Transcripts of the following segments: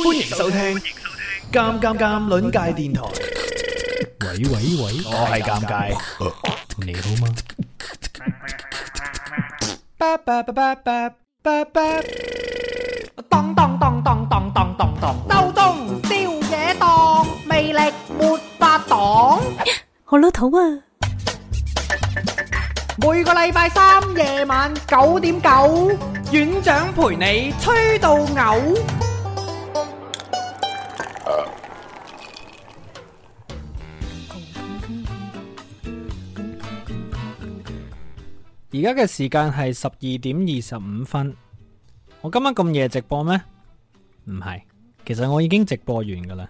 歡迎收聽《尷尷尷》鄰界電台。喂喂喂，我係尷尬。你好嗎？當當當當當當當，刀鋒雕野蕩，魅力沒法擋。我攞肚啊！每個禮拜三夜晚九點九，院長陪你吹到嘔。而家嘅時間係十二點二十五分。我今晚咁夜直播咩？唔係，其實我已經直播完噶啦。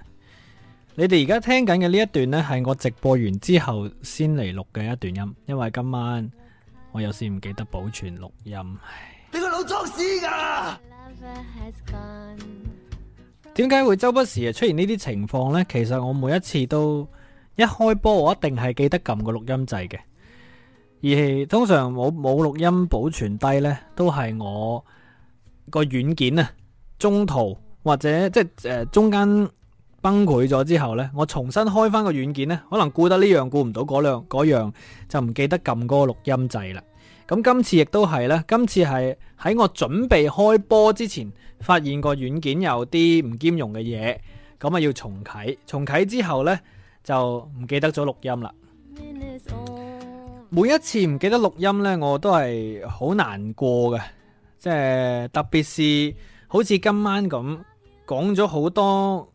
你哋而家聽緊嘅呢一段呢，係我直播完之後先嚟錄嘅一段音，因為今晚我有時唔記得保存錄音。你個老裝屎噶！點解會周不時出現呢啲情況呢？其實我每一次都一開波，我一定係記得撳個錄音掣嘅。而通常冇冇錄音保存低呢，都係我個軟件啊中途或者即係誒、呃、中間崩潰咗之後呢，我重新開翻個軟件呢，可能顧得呢樣顧唔到嗰兩嗰樣，就唔記得撳嗰個錄音掣啦。咁今次亦都係呢，今次係喺我準備開波之前發現個軟件有啲唔兼容嘅嘢，咁啊要重啟。重啟之後呢，就唔記得咗錄音啦。每一次唔記得錄音呢，我都係好難過嘅，即係特別是好似今晚咁講咗好多，誒、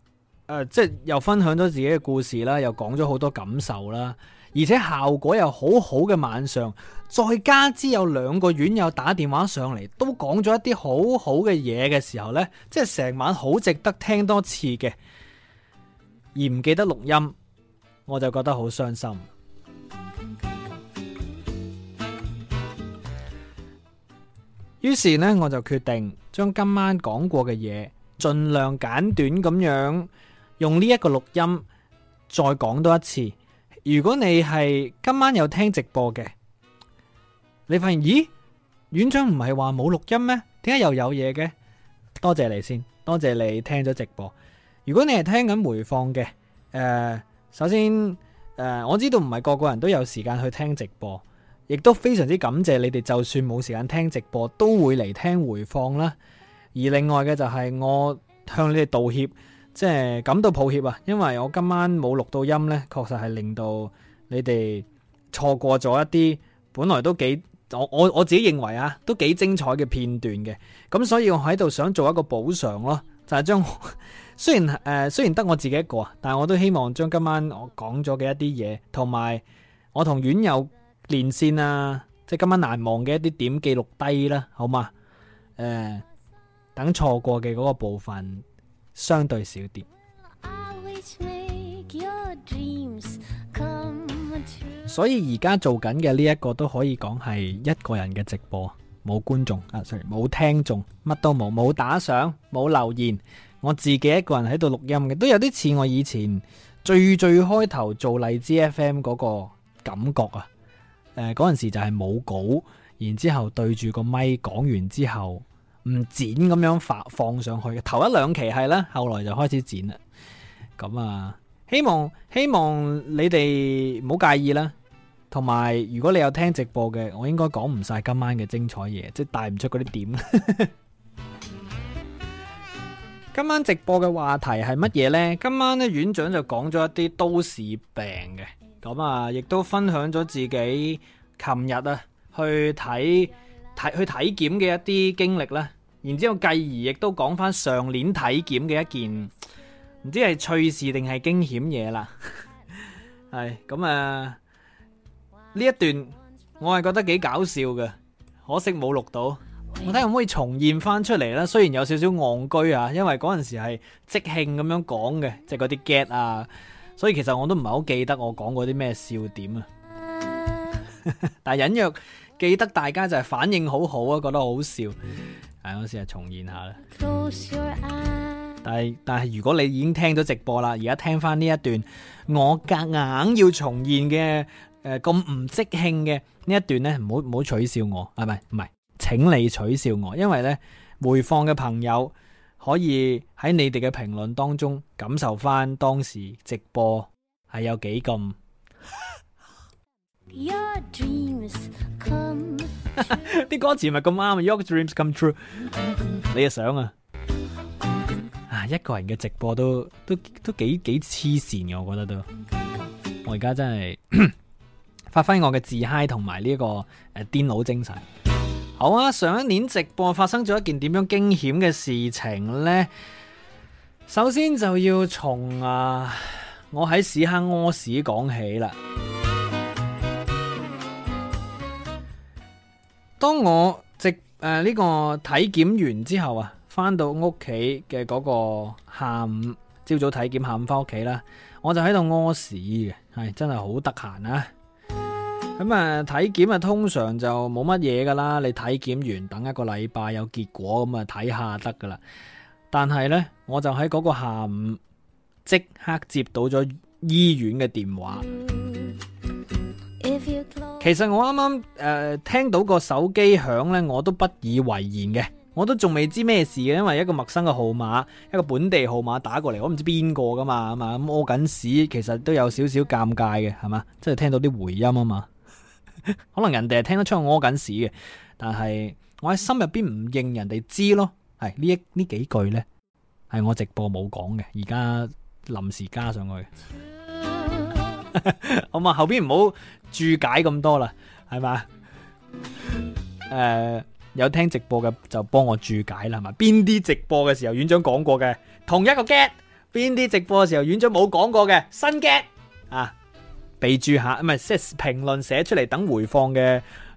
呃，即又分享咗自己嘅故事啦，又講咗好多感受啦，而且效果又好好嘅晚上，再加之有兩個院友打電話上嚟，都講咗一啲好好嘅嘢嘅時候呢，即係成晚好值得聽多次嘅，而唔記得錄音，我就覺得好傷心。於是呢，我就決定將今晚講過嘅嘢盡量簡短咁樣用呢一個錄音再講多一次。如果你係今晚有聽直播嘅，你發現咦，院長唔係話冇錄音咩？點解又有嘢嘅？多謝你先，多謝你聽咗直播。如果你係聽緊回放嘅，誒、呃，首先誒、呃，我知道唔係個個人都有時間去聽直播。亦都非常之感謝你哋，就算冇時間聽直播，都會嚟聽回放啦。而另外嘅就係我向你哋道歉，即係感到抱歉啊，因為我今晚冇錄到音呢，確實係令到你哋錯過咗一啲本來都幾我我,我自己認為啊，都幾精彩嘅片段嘅。咁所以我喺度想做一個補償咯，就係將雖然誒雖然得我自己一個啊，但係我都希望將今晚我講咗嘅一啲嘢，同埋我同院友。連線啊，即係今晚難忘嘅一啲點記錄低啦，好嘛？誒、呃，等錯過嘅嗰個部分相對少啲。所以而家做緊嘅呢一個都可以講係一個人嘅直播，冇觀眾啊，sorry，冇聽眾，乜都冇，冇打賞，冇留言，我自己一個人喺度錄音嘅，都有啲似我以前最最開頭做荔枝 FM 嗰個感覺啊。誒、呃，嗰陣時就係冇稿，然之後對住個咪講完之後，唔剪咁樣發放上去。頭一兩期係啦，後來就開始剪啦。咁啊，希望希望你哋唔好介意啦。同埋，如果你有聽直播嘅，我應該講唔晒今晚嘅精彩嘢，即係帶唔出嗰啲點呵呵。 今晚直播嘅話題係乜嘢呢？今晚呢，院長就講咗一啲都市病嘅。咁啊，亦都分享咗自己琴日啊去睇睇去體檢嘅一啲經歷咧，然之後繼而亦都講翻上年體檢嘅一件，唔知係趣事定係驚險嘢啦。係咁啊，呢一段我係覺得幾搞笑嘅，可惜冇錄到，我睇下可唔可以重現翻出嚟咧？雖然有少少戇居啊，因為嗰陣時係即興咁樣講嘅，即係嗰啲 get 啊。所以其實我都唔係好記得我講過啲咩笑點啊，但係隱約記得大家就係反應好好啊，覺得好笑。係，我試下重現下啦。但係但係如果你已經聽咗直播啦，而家聽翻呢一段，我夾硬要重現嘅誒咁唔即興嘅呢一段呢，唔好唔好取笑我，係咪？唔係，請你取笑我，因為呢回放嘅朋友。可以喺你哋嘅評論當中感受翻當時直播係有幾咁 Your dreams come 啲歌詞咪咁啱啊！Your dreams come true，你就想啊？啊，一個人嘅直播都都都幾幾痴線嘅，我覺得都，我而家真係 發揮我嘅自嗨同埋呢一個誒、啊、癲佬精神。好啊！上一年直播發生咗一件點樣驚險嘅事情呢？首先就要從啊我喺屎坑屙屎講起啦。當我直誒呢個體檢完之後啊，翻到屋企嘅嗰個下午，朝早體檢下午翻屋企啦，我就喺度屙屎嘅，係、哎、真係好得閒啊！咁啊，體檢啊，通常就冇乜嘢噶啦。你體檢完，等一個禮拜有結果，咁啊睇下得噶啦。但係呢，我就喺嗰個下午即刻接到咗醫院嘅電話，嗯。其實我啱啱誒聽到個手機響呢，我都不以為然嘅。我都仲未知咩事嘅，因為一個陌生嘅號碼，一個本地號碼打過嚟，我唔知邊個噶嘛，咁啊屙緊屎，其實都有少少尷尬嘅，係嘛，即係聽到啲回音啊嘛。可能人哋係聽得出我屙緊屎嘅，但係我喺心入邊唔認人哋知咯。係呢一呢幾句呢？係我直播冇講嘅，而家臨時加上去。 好嘛，後邊唔好注解咁多啦，係嘛？誒、呃，有聽直播嘅就幫我注解啦，係嘛？邊啲直播嘅時候院長講過嘅，同一個 get；邊啲直播嘅時候院長冇講過嘅，新 get 啊。備注下，唔係即係評論寫出嚟，等回放嘅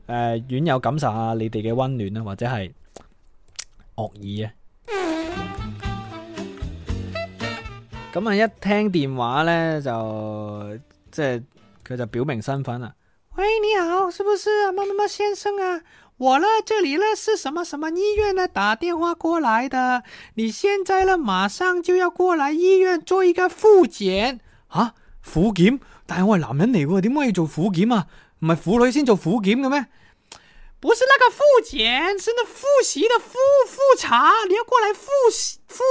誒，院、呃、友感受下你哋嘅温暖啦，或者係惡意啊。咁、嗯、啊，那一聽電話咧就即係佢就表明身份啦。喂，你好，是不是？乜乜乜先生啊？我呢這裏呢是什麼什麼醫院呢？打電話過來的，你現在呢馬上就要過來醫院做一個複檢啊？複檢？但係我係男人嚟，點可以做婦檢啊？唔係婦女先做婦檢嘅咩？不是那個複檢，是那複習的複複查，你要過來複复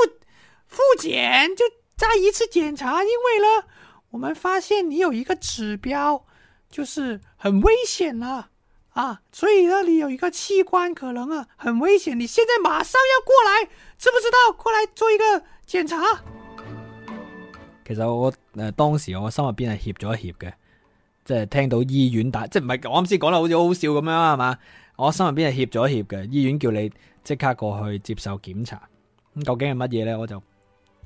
複檢，就再一次檢查。因為呢，我們發現你有一個指標，就是很危險啦，啊，啊，所以呢你有一個器官可能啊很危險，你現在馬上要過來，知不知道？過來做一個檢查。其實我誒、呃，當時我心入邊係怯咗一怯嘅，即係聽到醫院打，即係唔係我啱先講得好似好好笑咁樣係嘛？我心入邊係怯咗一怯嘅，醫院叫你即刻過去接受檢查。咁究竟係乜嘢咧？我就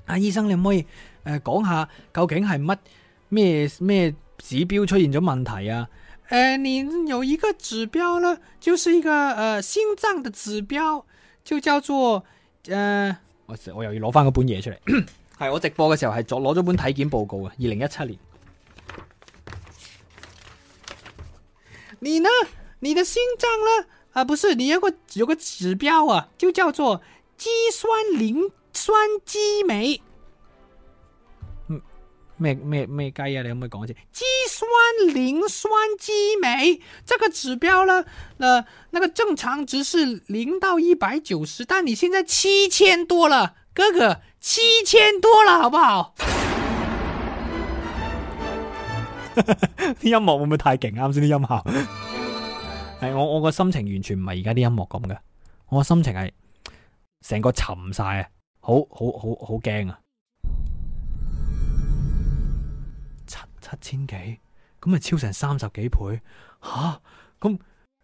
阿、啊、醫生，你可唔可以誒、呃、講下究竟係乜咩咩指標出現咗問題啊？誒、呃，你有一個指標咧，就是一個誒、呃、心臟的指標，就叫做誒、呃，我又要攞翻嗰本嘢出嚟。 係我直播嘅時候，係作攞咗本體檢報告啊。二零一七年。你呢？你的心臟呢？啊，不是，你有個有個指標啊，就叫做肌酸磷酸激酶。嗯，咩咩咩？雞啊，你可唔可以講一次？肌酸磷酸激酶這個指標呢？誒、呃，那個正常值是零到一百九十，但你現在七千多了，哥哥。七千多喇，好不好？啲 音樂會唔會太勁？啱先啲音效，係我我個心情完全唔係而家啲音樂咁嘅，我個心情係成個沉晒啊，好好好好驚啊！七七千幾咁啊，超成三十幾倍吓，咁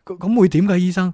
咁咁會點嘅醫生？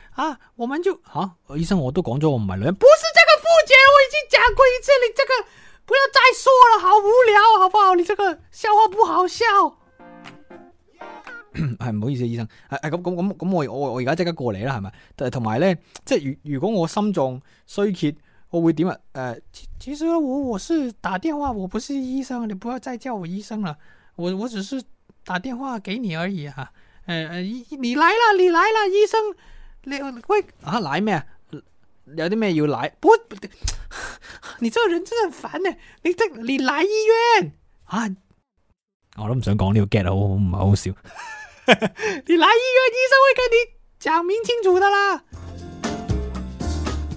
啊，我們就吓、啊、醫生，我都講咗，我唔係女人，不是這個復節，我已經講過一次，你這個不要再說了，好無聊，好不好？你這個笑話不好笑，係唔 好意思，醫生，誒咁咁咁咁，咁咁咁咁我我我而家即刻過嚟啦，係咪？誒，同埋咧，即係如如果我心臟衰竭，我會點啊？誒、呃，其其實我我是打電話，我不是醫生，你不要再叫我醫生了，我我只是打電話給你而已啊。誒、呃、誒，你你來了，你來了，醫生。你喂啊，奶咩啊？有啲咩要奶？不，你這個人真係煩呢！你你嚟醫院啊？我都唔想講呢個 get，好唔係好笑。 你嚟醫院， 醫生會跟你講明清楚的啦。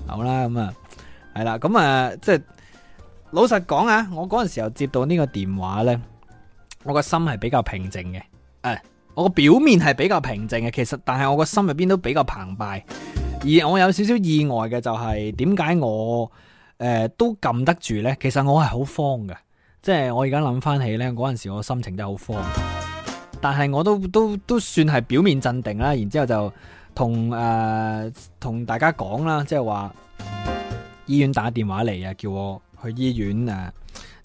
好啦，咁、嗯、啊，係啦，咁啊、呃，即係老實講啊，我嗰陣時候接到呢個電話咧，我個心係比較平靜嘅，誒、嗯。我個表面係比較平靜嘅，其實但係我個心入邊都比較澎湃。而我有少少意外嘅就係點解我誒、呃、都撳得住呢？其實我係好慌嘅，即、就、係、是、我而家諗翻起呢，嗰陣時，我的心情都好慌。但係我都都都算係表面鎮定啦。然之後就同誒同大家講啦，即係話醫院打電話嚟啊，叫我去醫院誒、呃、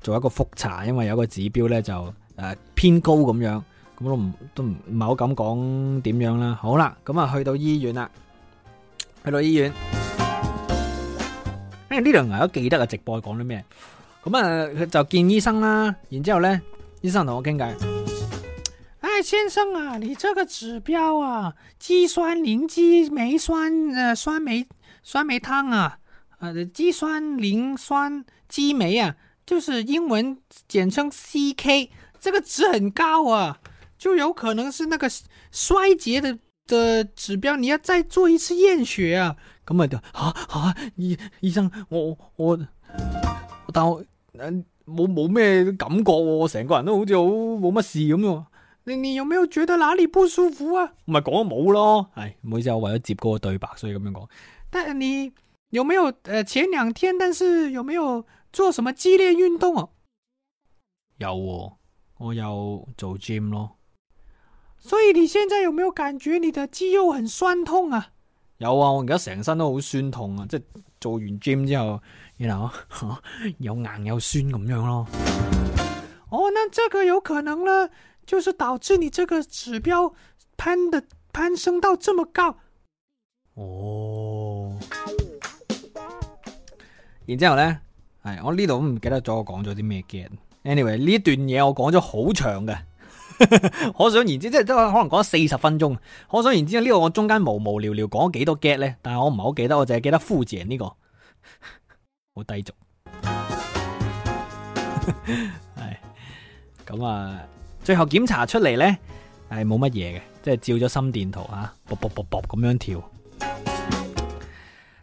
做一個複查，因為有個指標呢就誒、呃、偏高咁樣。我都唔都唔係好敢講點樣啦。好啦，咁、嗯、啊，去到醫院啦，去到醫院。誒、哎，呢輪都記得啊，直播講啲咩？咁、嗯、啊、嗯，就見醫生啦。然之後咧，醫生同我傾偈：唉、哎，先生啊，你這個指標啊，肌酸磷酸酶，呃、酸誒酸梅酸梅湯啊，誒、呃，肌酸磷酸激酶啊，就是英文簡稱 CK，這個值很高啊。就有可能是那個衰竭的的指標，你要再做一次驗血啊！咁啊，啊啊，醫醫生，我我，但我冇冇咩感覺喎、哦，我成個人都好似好冇乜事咁樣。你你有冇有覺得哪裏不舒服啊？唔係講冇咯，唔好意思，我為咗接嗰個對白，所以咁樣講。但你有冇有誒、呃、前兩天？但是有冇有做什麼激烈運動啊？有、哦，我有做 gym 咯。所以你現在有沒有感覺你的肌肉很酸痛啊？有啊，我而家成身都好酸痛啊，即係做完 gym 之後，然後有硬有酸咁樣咯。哦，呢個有可能呢，就是導致你這個指標攀的攀升到這麼高。哦。然之後咧，係、哎、我呢度都唔記得咗我講咗啲咩嘅。Anyway，呢段嘢我講咗好長嘅。可 想而知，即係都可能講四十分鐘。可想而知，呢、這個我中間無無聊聊講咗幾多 get 咧，但係我唔係好記得，我淨係記得富士人呢個好低俗。咁 啊，最後檢查出嚟呢，係冇乜嘢嘅，即係照咗心電圖啊，搏搏搏搏咁樣跳。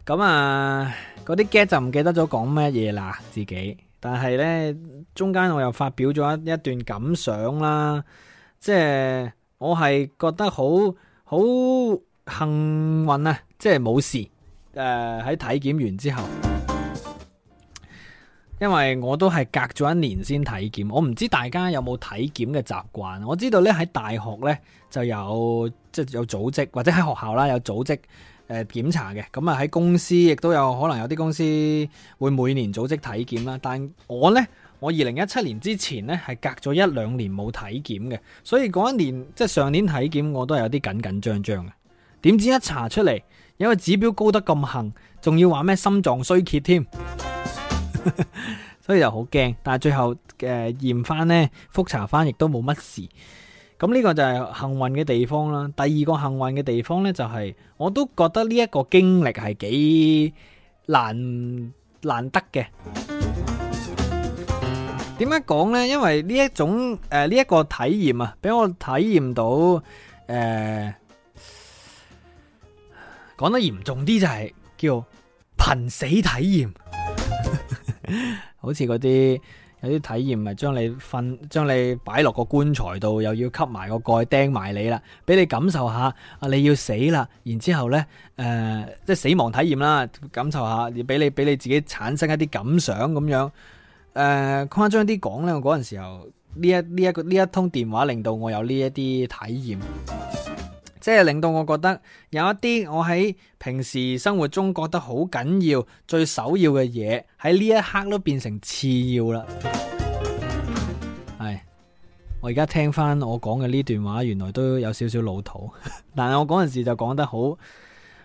咁啊，嗰啲 get 就唔記得咗講咩嘢啦，自己。但係呢，中間我又發表咗一一段感想啦。即係我係覺得好好幸運啊！即係冇事誒，喺、呃、體檢完之後，因為我都係隔咗一年先體檢。我唔知大家有冇體檢嘅習慣。我知道呢，喺大學呢就有即係有組織，或者喺學校啦有組織誒、呃、檢查嘅。咁啊喺公司亦都有可能有啲公司會每年組織體檢啦。但我呢。我二零一七年之前呢，係隔咗一兩年冇體檢嘅，所以嗰一年即係上年體檢，我都係有啲緊緊張張嘅。點知一查出嚟，因為指標高得咁行，仲要話咩心臟衰竭添， 所以就好驚。但係最後嘅驗翻咧，復、呃、查翻亦都冇乜事。咁呢個就係幸運嘅地方啦。第二個幸運嘅地方呢、就係，就係我都覺得呢一個經歷係幾難難得嘅。點樣講呢？因為呢一種誒，呢、呃、一、這個體驗啊，俾我體驗到誒，講、呃、得嚴重啲就係、是、叫瀕死體驗， 好似嗰啲有啲體驗，係將你瞓，將你擺落個棺材度，又要吸埋個蓋，釘埋你啦，俾你感受一下啊，你要死啦，然之後呢誒、呃，即係死亡體驗啦，感受一下，要俾你俾你自己產生一啲感想咁樣。誒、呃，誇張啲講呢，嗰陣時候呢一呢一個呢一通電話令到我有呢一啲體驗，即係令到我覺得有一啲我喺平時生活中覺得好緊要、最首要嘅嘢，喺呢一刻都變成次要啦。係，我而家聽翻我講嘅呢段話，原來都有少少老土，但係我嗰陣時就講得好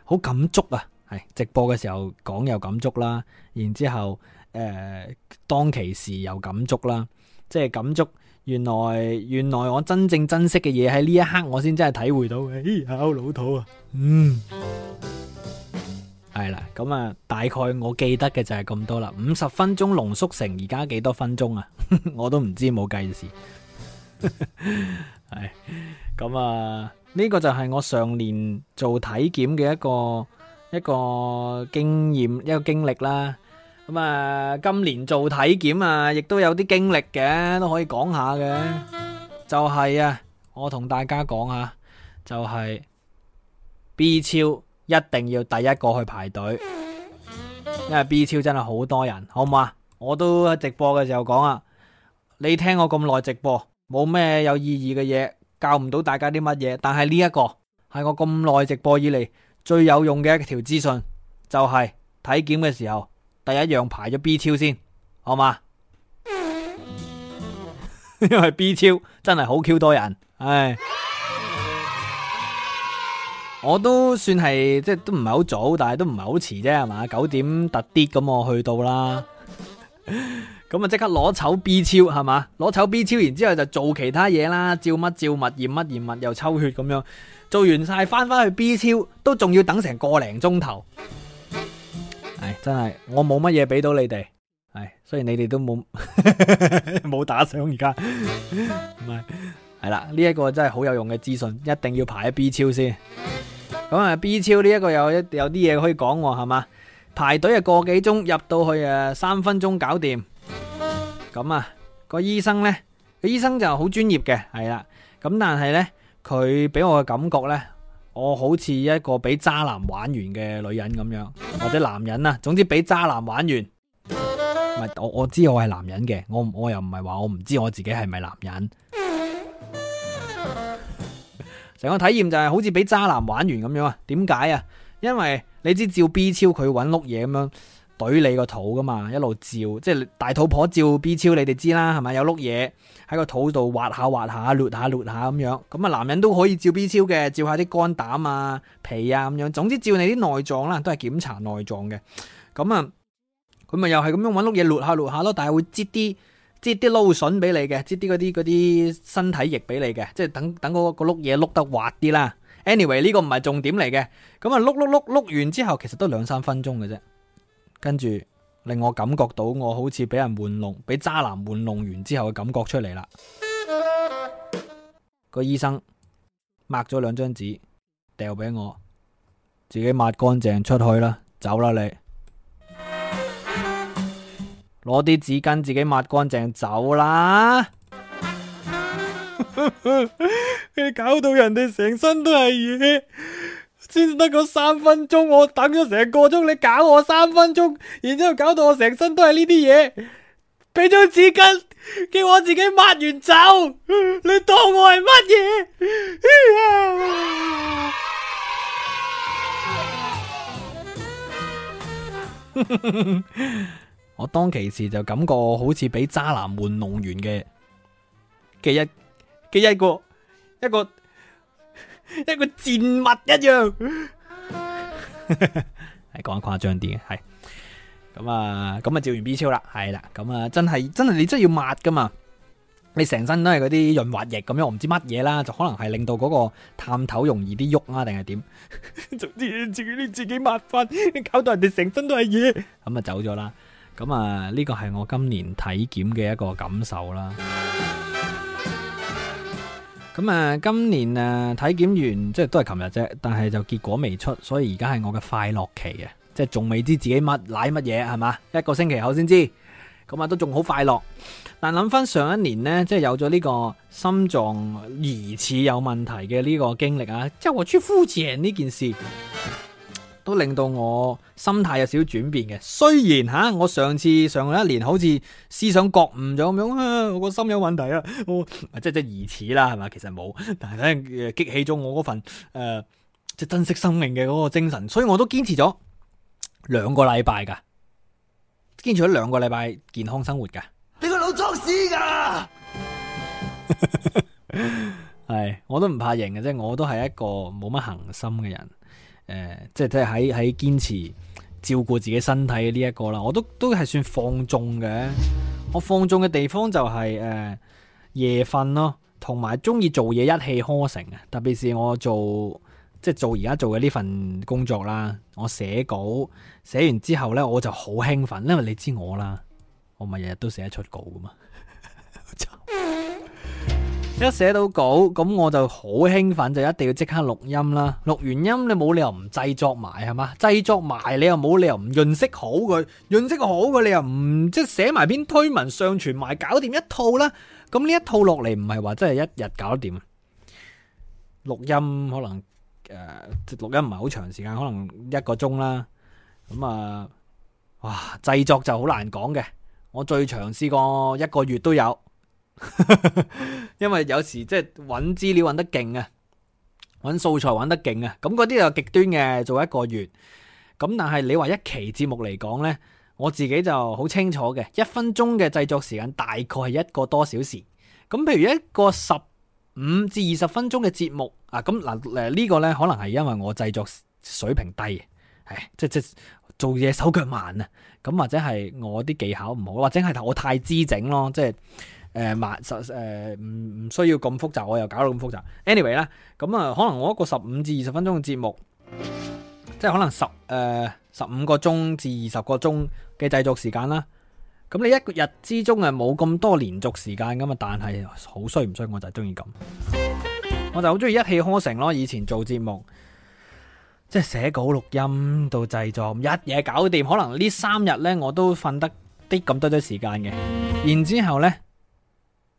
好感觸啊。係直播嘅時候講又感觸啦，啊，然之後。誒，當其時有感觸啦，即係感觸，原來原來我真正珍惜嘅嘢，喺呢一刻，我先真係體會到嘅。好老土啊，嗯，係啦，咁啊，大概我記得嘅就係咁多啦。五十分鐘濃縮成而家幾多分鐘啊？我都唔知冇計時。係咁啊，呢個就係我上年做體檢嘅一個一個經驗一個經歷啦。咁啊，今年做體檢啊，亦都有啲經歷嘅，都可以講下嘅。就係啊，我同大家講啊，就係 B 超一定要第一個去排隊，因為 B 超真係好多人，好唔好啊？我都喺直播嘅時候講啊，你聽我咁耐直播，冇咩有意義嘅嘢，教唔到大家啲乜嘢。但係呢一個係我咁耐直播以嚟最有用嘅一條資訊，就係體檢嘅時候。第一樣排咗 B 超先，好嘛？因為 B 超真係好 Q 多人，唉， 我都算係即係都唔係好早，但係都唔係好遲啫，係嘛？九點突啲咁我去到啦，咁啊即刻攞籌 B 超係嘛？攞籌 B 超，然之後就做其他嘢啦，照乜照物，驗乜驗物，又抽血咁樣，做完晒翻翻去 B 超，都仲要等成個零鐘頭。真係，我冇乜嘢俾到你哋，係，雖然你哋都冇冇打賞而家，唔係，係啦，呢一個真係好有用嘅資訊，一定要排喺 B 超先。咁啊，B 超呢一個有一有啲嘢可以講喎，係嘛？排隊啊個幾鐘，入到去啊三分鐘搞掂，咁啊個醫生呢，個醫生就好專業嘅，係啦，咁但係呢佢俾我嘅感覺呢。我好似一個俾渣男玩完嘅女人咁樣，或者男人啊，總之俾渣男玩完。唔係，我我知我係男人嘅，我我又唔係話我唔知我自己係咪男人。成 個體驗就係好似俾渣男玩完咁樣啊？點解啊？因為你知照 B 超佢搵碌嘢咁樣。睇你個肚噶嘛，一路照，即係大肚婆照 B 超，你哋知啦，係咪有碌嘢喺個肚度滑下滑下、掠下掠下咁樣？咁啊，男人都可以照 B 超嘅，照下啲肝膽啊、皮啊咁樣。總之照你啲內臟啦，都係檢查內臟嘅。咁啊，佢咪又係咁樣搵碌嘢掠下掠下咯，但係會擠啲擠啲撈筍俾你嘅，擠啲嗰啲啲身體液俾你嘅，即係等等嗰個碌嘢碌得滑啲啦。Anyway 呢個唔係重點嚟嘅，咁啊碌碌碌碌完之後，其實都兩三分鐘嘅啫。跟住令我感覺到我好似俾人玩弄，俾渣男玩弄完之後嘅感覺出嚟啦。 個醫生抹咗兩張紙掉俾我，自己抹乾淨出去啦，走啦你，攞啲紙巾自己抹乾淨走啦。你 搞到人哋成身都係嘢。先得個三分鐘，我等咗成個鐘，你搞我三分鐘，然之後搞到我成身都係呢啲嘢，俾張紙巾叫我自己抹完走，你當我係乜嘢？ 我當其時就感覺好似俾渣男玩弄完嘅嘅一嘅一個一個。一個一個賤物一樣，係講得誇張啲，係咁啊，咁啊照完 B 超啦，係啦，咁啊真係真係你真係要抹噶嘛，你成身都係嗰啲潤滑液咁樣，我唔知乜嘢啦，就可能係令到嗰個探頭容易啲喐啊，定係點？總之你自己啲自己抹翻，你搞到人哋成身都係嘢，咁啊走咗啦，咁啊呢個係我今年體檢嘅一個感受啦。咁啊，今年啊體檢完，即係都係琴日啫，但係就結果未出，所以而家係我嘅快樂期嘅，即係仲未知自己乜奶乜嘢係嘛，一個星期後先知，咁啊都仲好快樂。但諗翻上一年呢，即係有咗呢個心臟疑似有問題嘅呢個經歷啊，即係我出乎意料呢件事。都令到我心態有少少轉變嘅，雖然吓、啊、我上次上一年好似思想覺悟咗咁樣啊，我個心有問題啊，即即疑似啦係嘛，其實冇，但係咧激起咗我嗰份誒、呃、即珍惜生命嘅嗰個精神，所以我都堅持咗兩個禮拜噶，堅持咗兩個禮拜健康生活噶。你個腦裝屎噶，係我都唔怕贏嘅啫，我都係一個冇乜恒心嘅人。誒、呃，即係喺喺堅持照顧自己身體呢一個啦，我都都係算放縱嘅。我放縱嘅地方就係、是、誒、呃、夜瞓咯，同埋中意做嘢一氣呵成啊。特別是我做即係做而家做嘅呢份工作啦，我寫稿寫完之後呢，我就好興奮，因為你知我啦，我咪日日都寫得出稿㗎嘛。 一寫到稿，咁我就好興奮，就一定要即刻錄音啦。錄完音你沒理由是完，你冇理由唔製作埋，係嘛？製作埋，你又冇理由唔潤色好佢，潤色好佢，你又唔即係寫埋篇推文上傳埋，搞掂一套啦。咁呢一套落嚟，唔係話真係一日搞得掂。錄音可能誒，呃，錄音唔係好長時間，可能一個鐘啦。咁啊、呃，哇，製作就好難講嘅。我最長試過一個月都有。 因為有時即係揾資料揾得勁啊，揾素材揾得勁啊，咁嗰啲又極端嘅做一個月。咁但係你話一期節目嚟講呢，我自己就好清楚嘅，一分鐘嘅製作時間大概係一個多小時。咁譬如一個十五至二十分鐘嘅節目啊，咁嗱呢個呢，可能係因為我製作水平低，即即、就是、做嘢手腳慢啊，咁或者係我啲技巧唔好，或者係我太姿整咯，即、就、係、是。誒、呃，唔、呃、需要咁複雜，我又搞到咁複雜。Anyway 啦，咁啊，可能我一個十五至二十分鐘嘅節目，即係可能十誒十五個鐘至二十個鐘嘅製作時間啦。咁你一個日之中係冇咁多連續時間噶嘛，但係好衰唔衰，我就係中意咁，我就好中意一氣呵成咯。以前做節目，即係寫稿、錄音到製作，一嘢搞掂。可能這三天呢三日呢我都瞓得啲咁多多時間嘅。然之後呢。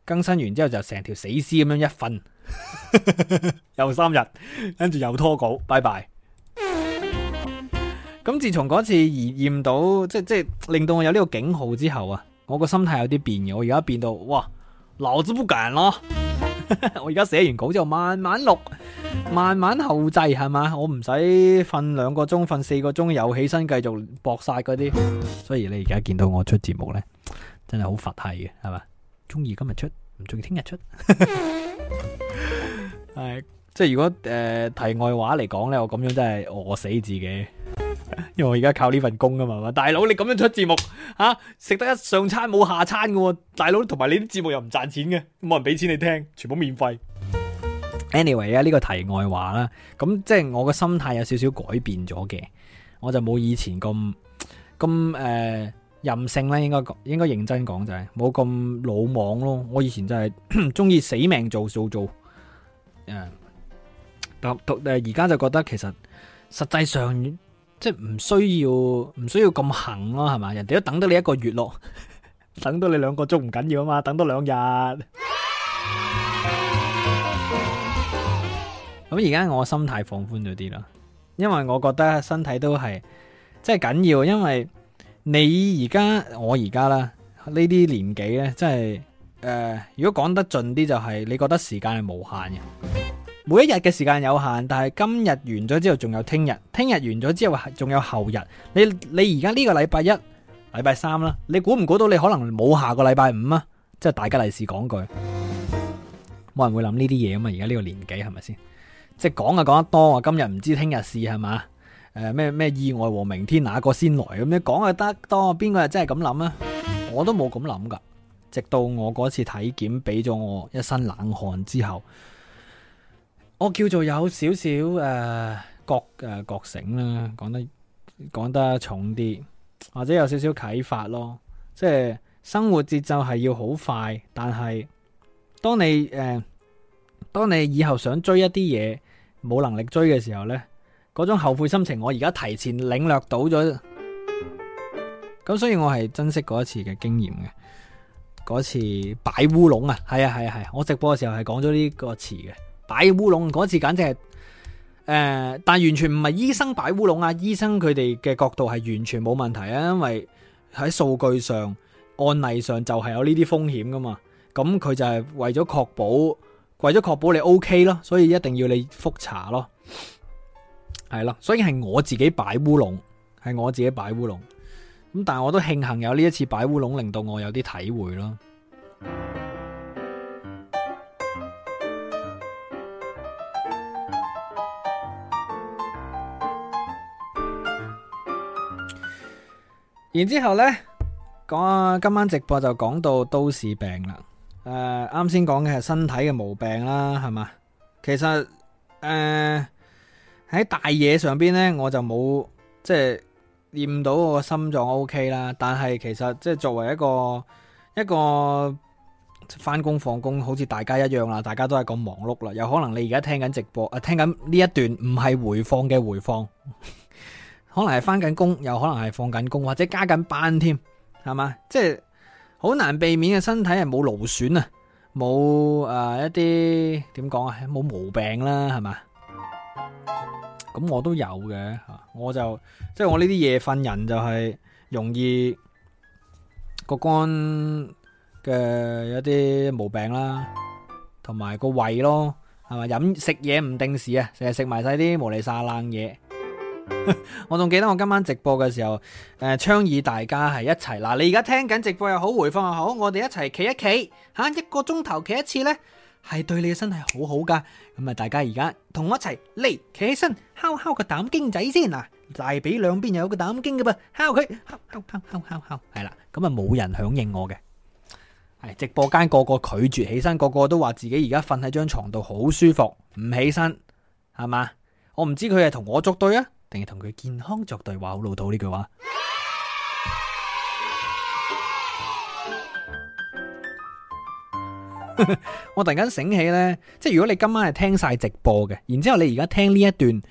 更新完之後就成條死屍咁樣一瞓 又三日，跟住又拖稿，拜拜。咁 自從嗰次驗驗到，即係令到我有呢個警號之後啊，我個心態有啲變嘅。我而家變到哇，留子不緊咯。我而家寫完稿之後，慢慢錄，慢慢後製係嘛，我唔使瞓兩個鐘，瞓四個鐘又起身繼續搏晒嗰啲。所以你而家見到我出節目呢，真係好佛系嘅，係嘛？中意今日出，唔中意聽日出，係 即係如果誒、呃、題外話嚟講咧，我咁樣真係餓死自己，因為我而家靠呢份工啊嘛。大佬你咁樣出節目，吓、啊、食得一上餐冇下餐噶，大佬同埋你啲節目又唔賺錢嘅，冇人俾錢你聽，全部免費。Anyway 啊，呢個題外話啦。咁即係我嘅心態有少少改變咗嘅，我就冇以前咁咁誒。那麼呃任性咧，應該講，應該認真講就係冇咁魯莽咯。我以前就係中意死命做做做，誒，讀讀誒，而家就覺得其實實際上即係唔需要唔需要咁行咯，係嘛？人哋都等到你一個月咯，等到你兩個鐘唔緊要啊嘛，等多兩日。咁而家我心態放寬咗啲啦，因為我覺得身體都係即係緊要，因為。你而家我而家啦，呢啲年紀呢，真係，誒、呃，如果講得盡啲就係，你覺得時間係無限嘅，每一日嘅時間有限，但係今日完咗之後仲有聽日，聽日完咗之後仲有後日，你你而家呢個禮拜一、禮拜三啦，你估唔估到你可能冇下個禮拜五啊？即係大家大吉利是講句，冇人會諗呢啲嘢啊嘛，而家呢個年紀係咪先？即係講就講得多啊，我今日唔知聽日事係嘛？誒咩咩意外和明天哪個先來咁？你講就得當我邊個係真係咁諗啊？我都冇咁諗噶，直到我嗰次體檢俾咗我一身冷汗之後，我叫做有少少誒、呃、覺誒、呃、覺醒啦，講得講得重啲，或者有少少啟發咯。即係生活節奏係要好快，但係當你誒、呃、當你以後想追一啲嘢冇能力追嘅時候呢。嗰種後悔心情，我而家提前領略到咗，咁所以我係珍惜嗰一次嘅經驗嘅。嗰次擺烏龍啊，係啊係啊係、啊，我直播嘅時候係講咗呢個詞嘅，擺烏龍嗰次簡直係，誒、呃，但完全唔係醫生擺烏龍啊，醫生佢哋嘅角度係完全冇問題啊，因為喺數據上、案例上就係有呢啲風險噶嘛，咁佢就係為咗確保，為咗確保你 OK 咯，所以一定要你復查咯。係啦，所以係我自己擺烏龍，係我自己擺烏龍。咁但係我都慶幸有呢一次擺烏龍，令到我有啲體會咯。然之後呢，講下今晚直播就講到都市病啦、呃。誒，啱先講嘅係身體嘅毛病啦，係嘛？其實誒。呃喺大嘢上邊呢，我就冇即係驗到我個心臟 OK 啦。但係其實即係作為一個一個翻工放工，好似大家一樣啦，大家都係咁忙碌啦。有可能你而家聽緊直播，啊聽緊呢一段唔係回放嘅回放，可能係翻緊工，又可能係放緊工，或者加緊班添，係嘛？即係好難避免嘅身體係冇勞損啊，冇誒一啲點講啊，冇毛病啦，係嘛？咁我都有嘅吓，我就即係、就是、我呢啲夜瞓人就係容易個肝嘅有啲毛病啦，同埋個胃咯，係咪飲食嘢唔定時啊，成日食埋晒啲無厘晒爛嘢。 我仲記得我今晚直播嘅時候，誒倡議大家係一齊嗱，你而家聽緊直播又好，回放又好，我哋一齊企一企吓，一個鐘頭企一次呢。係對你嘅身體好好噶，咁啊，大家而家同我一齊嚟，企起身，敲敲個膽經仔先嗱，大髀兩邊有個膽經嘅噃，敲佢敲敲敲敲敲係啦，咁啊冇人響應我嘅，係直播間個個拒絕起身，個個都話自己而家瞓喺張床度好舒服，唔起身係嘛，我唔知佢係同我作對啊，定係同佢健康作對？話好老土呢句話。 我突然間醒起咧，即係如果你今晚係聽晒直播嘅，然之後你而家聽呢一段，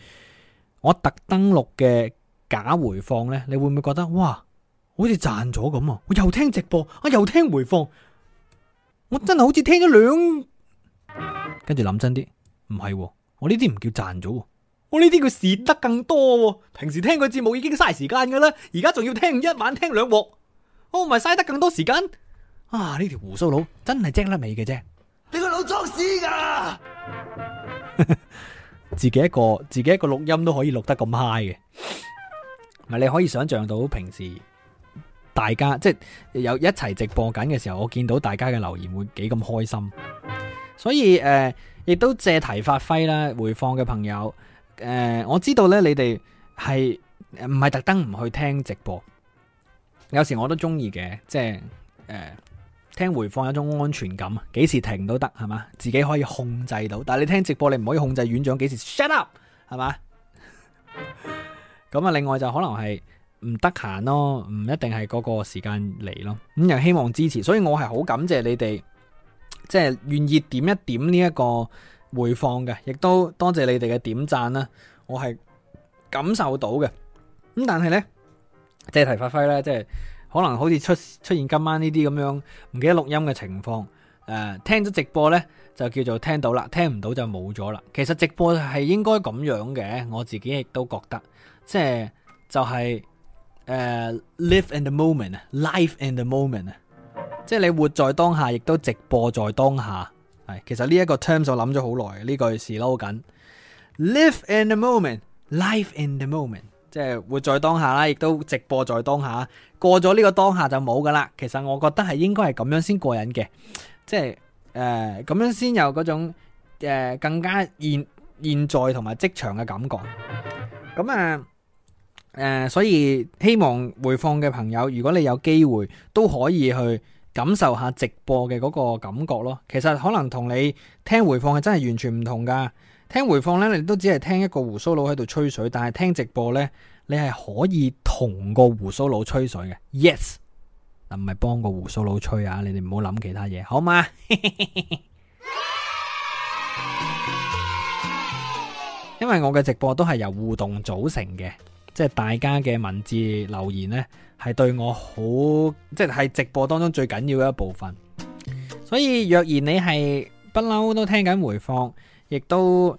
我特登錄嘅假回放咧，你會唔會覺得哇，好似賺咗咁啊？我又聽直播，我又聽回放，我真係好似聽咗兩，跟住諗真啲，唔係、喎，我呢啲唔叫賺咗，我呢啲叫蝕得更多、喎。平時聽個節目已經嘥時間噶啦，而家仲要聽一晚聽兩鑊，我唔係嘥得更多時間。啊！呢條鬍鬚佬真係精甩尾嘅啫，你個腦裝屎噶！自己一個，自己一個錄音都可以錄得咁 high 嘅，係你可以想象到平時大家即係有一齊直播緊嘅時候，我見到大家嘅留言會幾咁開心，所以誒亦、呃、都借題發揮啦。回放嘅朋友，誒、呃、我知道咧，你哋係唔係特登唔去聽直播，有時我都中意嘅，即係誒。呃聽回放有種安全感啊，幾時停都得係嘛，自己可以控制到。但係你聽直播，你唔可以控制院長幾時 shut up 係嘛。咁啊， 另外就可能係唔得閒咯，唔一定係嗰個時間嚟咯。咁又希望支持，所以我係好感謝你哋，即係願意點一點呢一個回放嘅，亦都多謝你哋嘅點讚啦。我係感受到嘅。咁但係呢，借題發揮呢，即係。即是可能好似出出現今晚呢啲咁樣唔記得錄音嘅情況，誒、呃，聽咗直播呢，就叫做聽到啦，聽唔到就冇咗啦。其實直播係應該咁樣嘅，我自己亦都覺得，即係就係，呃，live in the moment 啊，life in the moment 啊，即係你活在當下，亦都直播在當下。係，其實呢一個 term 我諗咗好耐，呢句 slogan，live in the moment，life in the moment，即係活在當下啦，亦都直播在當下。過咗呢個當下就冇噶啦，其實我覺得係應該係咁樣先過癮嘅，即係誒咁樣先有嗰種誒、呃、更加現現在同埋職場嘅感覺。咁啊誒，所以希望回放嘅朋友，如果你有機會都可以去感受下直播嘅嗰個感覺咯。其實可能同你聽回放係真係完全唔同噶。聽回放呢，你都只係聽一個胡鬚佬喺度吹水，但係聽直播呢。你係可以同個鬍鬚佬吹水嘅，yes 嗱，唔係幫個鬍鬚佬吹啊！你哋唔好諗其他嘢，好嘛？ 因為我嘅直播都係由互動組成嘅，即係大家嘅文字留言呢，係對我好，即係喺直播當中最緊要嘅一部分。所以若然你係不嬲都聽緊回放，亦都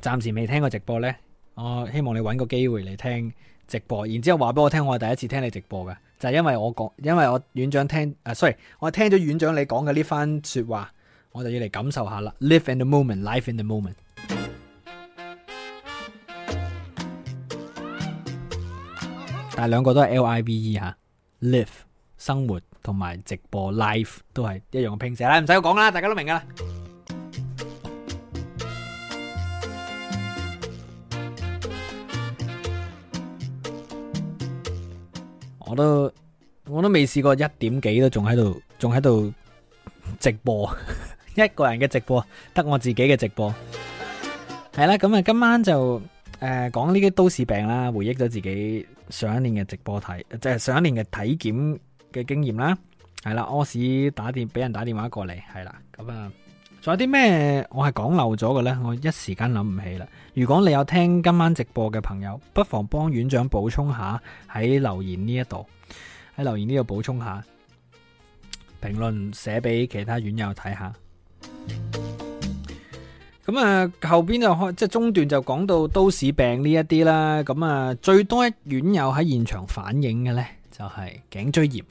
暫時未聽過直播呢，我希望你搵個機會嚟聽直播，然之後話俾我聽，我係第一次聽你直播嘅，就係、是、因為我講，因為我院長聽，啊 sorry，我聽咗院長你講嘅呢番說話，我就要嚟感受下啦。Live in the moment，life in the moment， 但係兩個都係 L I V E 吓，live 生活同埋直播，life 都係一樣嘅拼寫，唔使我講啦，大家都明噶啦。我都我都未試過一點幾都仲喺度仲喺度直播，一個人嘅直播，得我自己嘅直播對。係啦，咁啊，今晚就誒、呃、講呢啲都市病啦，回憶咗自己上一年嘅直播體，即、就、係、是、上一年嘅體檢嘅經驗啦。係啦，屙屎打電俾人打電話過嚟，係啦，咁啊。仲有啲咩我係講漏咗嘅呢？我一時間諗唔起啦。如果你有聽今晚直播嘅朋友，不妨幫院長補充下喺留言呢一度，喺留言呢度補充下評論，寫俾其他院友睇下。咁啊，後邊就開，即係中段就講到都市病呢一啲啦。咁啊，最多一院友喺現場反映嘅呢，就係頸椎炎。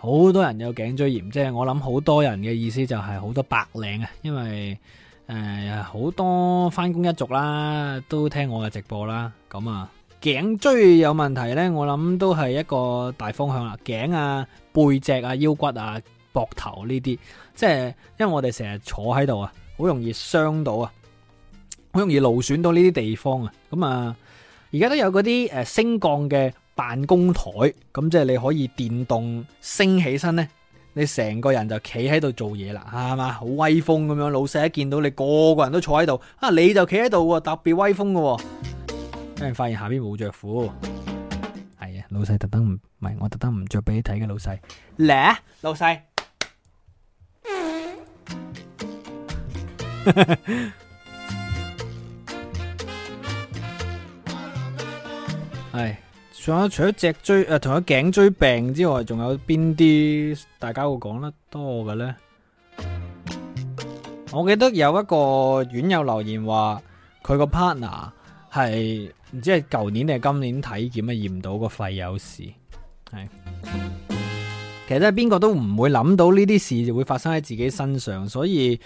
好多人有頸椎炎，即係我諗好多人嘅意思就係好多白領啊，因為誒呃，好多翻工一族啦，都聽我嘅直播啦，咁啊頸椎有問題呢，我諗都係一個大方向啦，頸啊、背脊啊、腰骨啊、膊頭呢啲，即係因為我哋成日坐喺度啊，好容易傷到啊，好容易勞損到呢啲地方啊，咁啊而家都有嗰啲誒升降嘅辦公台咁，即係你可以電動升起身呢。你成個人就企喺度做嘢啦，係嘛，好威風咁樣。老細一見到你個個人都坐喺度，啊你就企喺度喎，特別威風嘅、哦。有人發現下邊冇着褲，係啊，老細特登唔，唔係我特登唔着俾你睇嘅，老細。嚟，老細係。仲有除咗脊椎，誒、呃，同埋頸椎病之外，仲有邊啲大家會講得多嘅呢？我記得有一個院友留言話，佢個 partner 係唔知係舊年定係今年體檢啊，驗到個肺有事。係，其實真係邊個都唔會諗到呢啲事會發生喺自己身上，所以。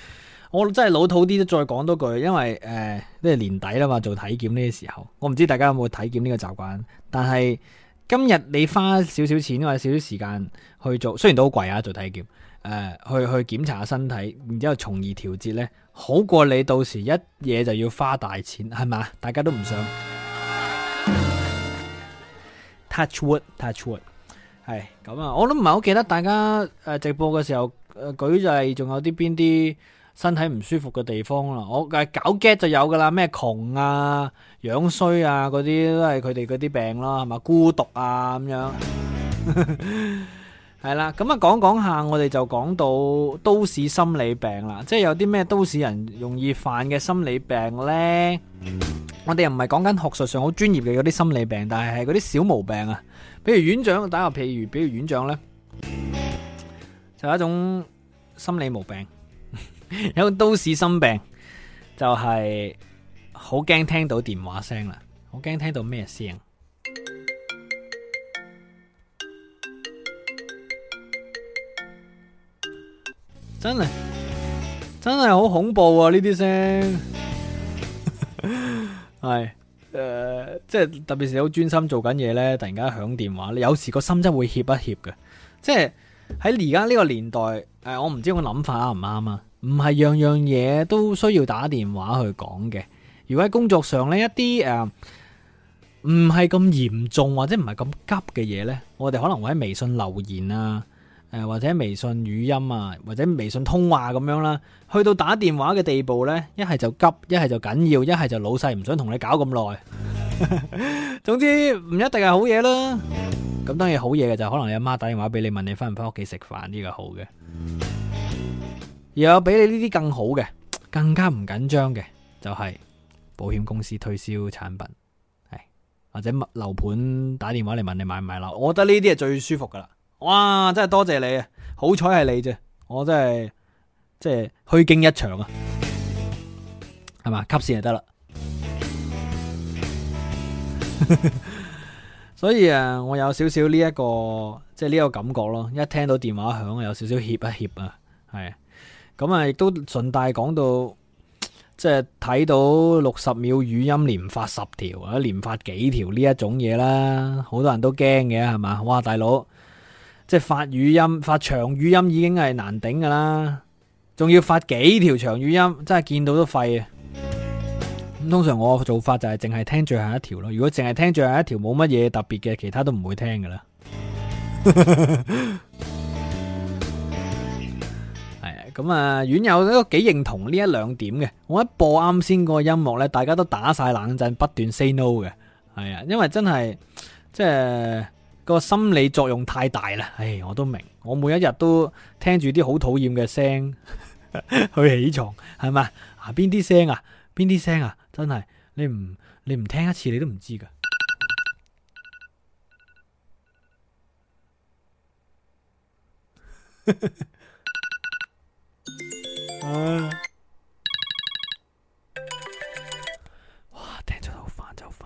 我真係老土啲，再講多句，因為誒，呢、呃、年底啦嘛，做體檢呢啲時候，我唔知大家有冇體檢呢個習慣。但係今日你花少少錢或者少少時間去做，雖然都好貴啊，做體檢誒、呃，去去檢查下身體，然之後從而調節呢，好過你到時一嘢就要花大錢，係咪？大家都唔想。Touch wood, touch wood。係咁啊，我都唔係好記得大家誒直播嘅時候，舉例仲有啲邊啲。身體唔舒服嘅地方啦，我誒搞 get 就有噶啦，咩窮啊、樣衰啊嗰啲都係佢哋嗰啲病啦，係嘛，孤獨啊咁樣係啦。咁啊，講講下我哋就講到都市心理病啦，即係有啲咩都市人容易犯嘅心理病呢？我哋又唔係講緊學術上好專業嘅嗰啲心理病，但係係嗰啲小毛病啊。比如院長打個譬如，比如院長呢就有一種心理毛病。有個都市心病，就係好驚聽到電話聲啦。好驚聽到咩聲？真係真係好恐怖啊！呢啲聲係誒，即係特別是好專心做緊嘢，呢突然間響電話，有時個心真會怯一怯嘅。即係喺而家呢個年代，誒、哎，我唔知我諗法啱唔啱啊。唔係樣樣嘢都需要打電話去講嘅。如果喺工作上呢，一啲誒唔係咁嚴重或者唔係咁急嘅嘢呢，我哋可能會喺微信留言啊，誒或者微信語音啊，或者微信通話咁樣啦。去到打電話嘅地步呢，一係就急，一係就緊要，一係就老細唔想同你搞咁耐。總之唔一定係好嘢啦。咁當然好嘢嘅就可能你阿媽打電話俾你問你翻唔翻屋企食飯，呢個好嘅。又有比你呢啲更好嘅，更加唔緊張嘅，就係保險公司推銷產品，係、或者物樓盤打電話嚟問你買唔買樓，我覺得呢啲係最舒服㗎喇。哇，真係多謝你啊！好彩係你啫，我真係即係虛驚一場啊，係嘛，吸線就得啦。 所以啊，我有少少呢一個即係呢個感覺咯，一聽到電話響，有少少怯一怯啊，係。咁啊，亦都順帶講到，即係睇到六十秒語音連發十條啊，連發幾條呢一種嘢啦，好多人都驚嘅係嘛。哇，大佬，即係發語音發長語音已經係難頂噶啦，仲要發幾條長語音，真係見到都廢啊！咁通常我做法就係淨係聽最後一條咯，如果淨係聽最後一條冇乜嘢特別嘅，其他都唔會聽噶啦。 咁啊，院友都個幾認同呢一兩點嘅。我一播啱先嗰個音樂呢，大家都打晒冷陣，不斷 say no 嘅。係啊，因為真係即係個心理作用太大啦。唉，我都明。我每一日都聽住啲好討厭嘅聲去起床，係咪？啊，邊啲聲啊？邊啲聲啊？真係你唔你唔聽一次你都唔知噶。 啊！哇，聽咗好煩，就煩。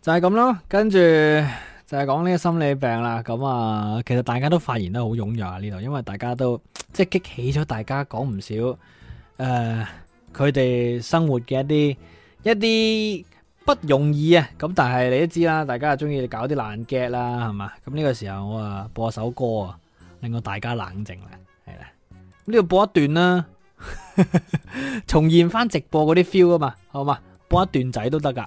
就係咁咯，跟住就係講呢個心理病啦。咁啊，其實大家都發現得好踴躍啊。呢度，因為大家都即係激起咗大家講唔少誒，呃、佢哋生活嘅一啲一啲。不容易啊！咁但係你都知啦，大家啊中意搞啲爛 gag 啦，係嘛？咁呢個時候我啊播首歌啊，令到大家冷靜啦，係啦。咁呢度播一段啦， 重現翻直播嗰啲 feel 啊嘛，好嘛？播一段仔都得噶。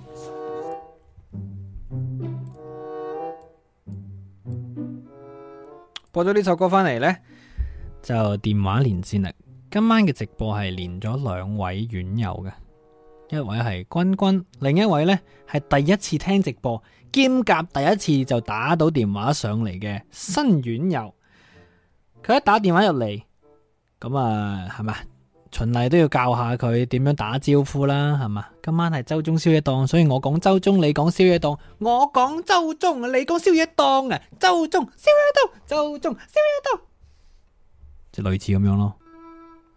播咗呢首歌翻嚟呢，就電話連線啦。今晚嘅直播係連咗兩位院友嘅，一位係君君，另一位呢係第一次聽直播，兼夾第一次就打到電話上嚟嘅新院友。佢一打電話入嚟，咁啊係咪？循例都要教下佢點樣打招呼啦，係嘛？今晚係周中宵夜檔，所以我講周中，你講宵夜檔，我講周中，你講宵夜檔啊。周中宵夜檔，周中宵夜檔，即類似咁樣咯。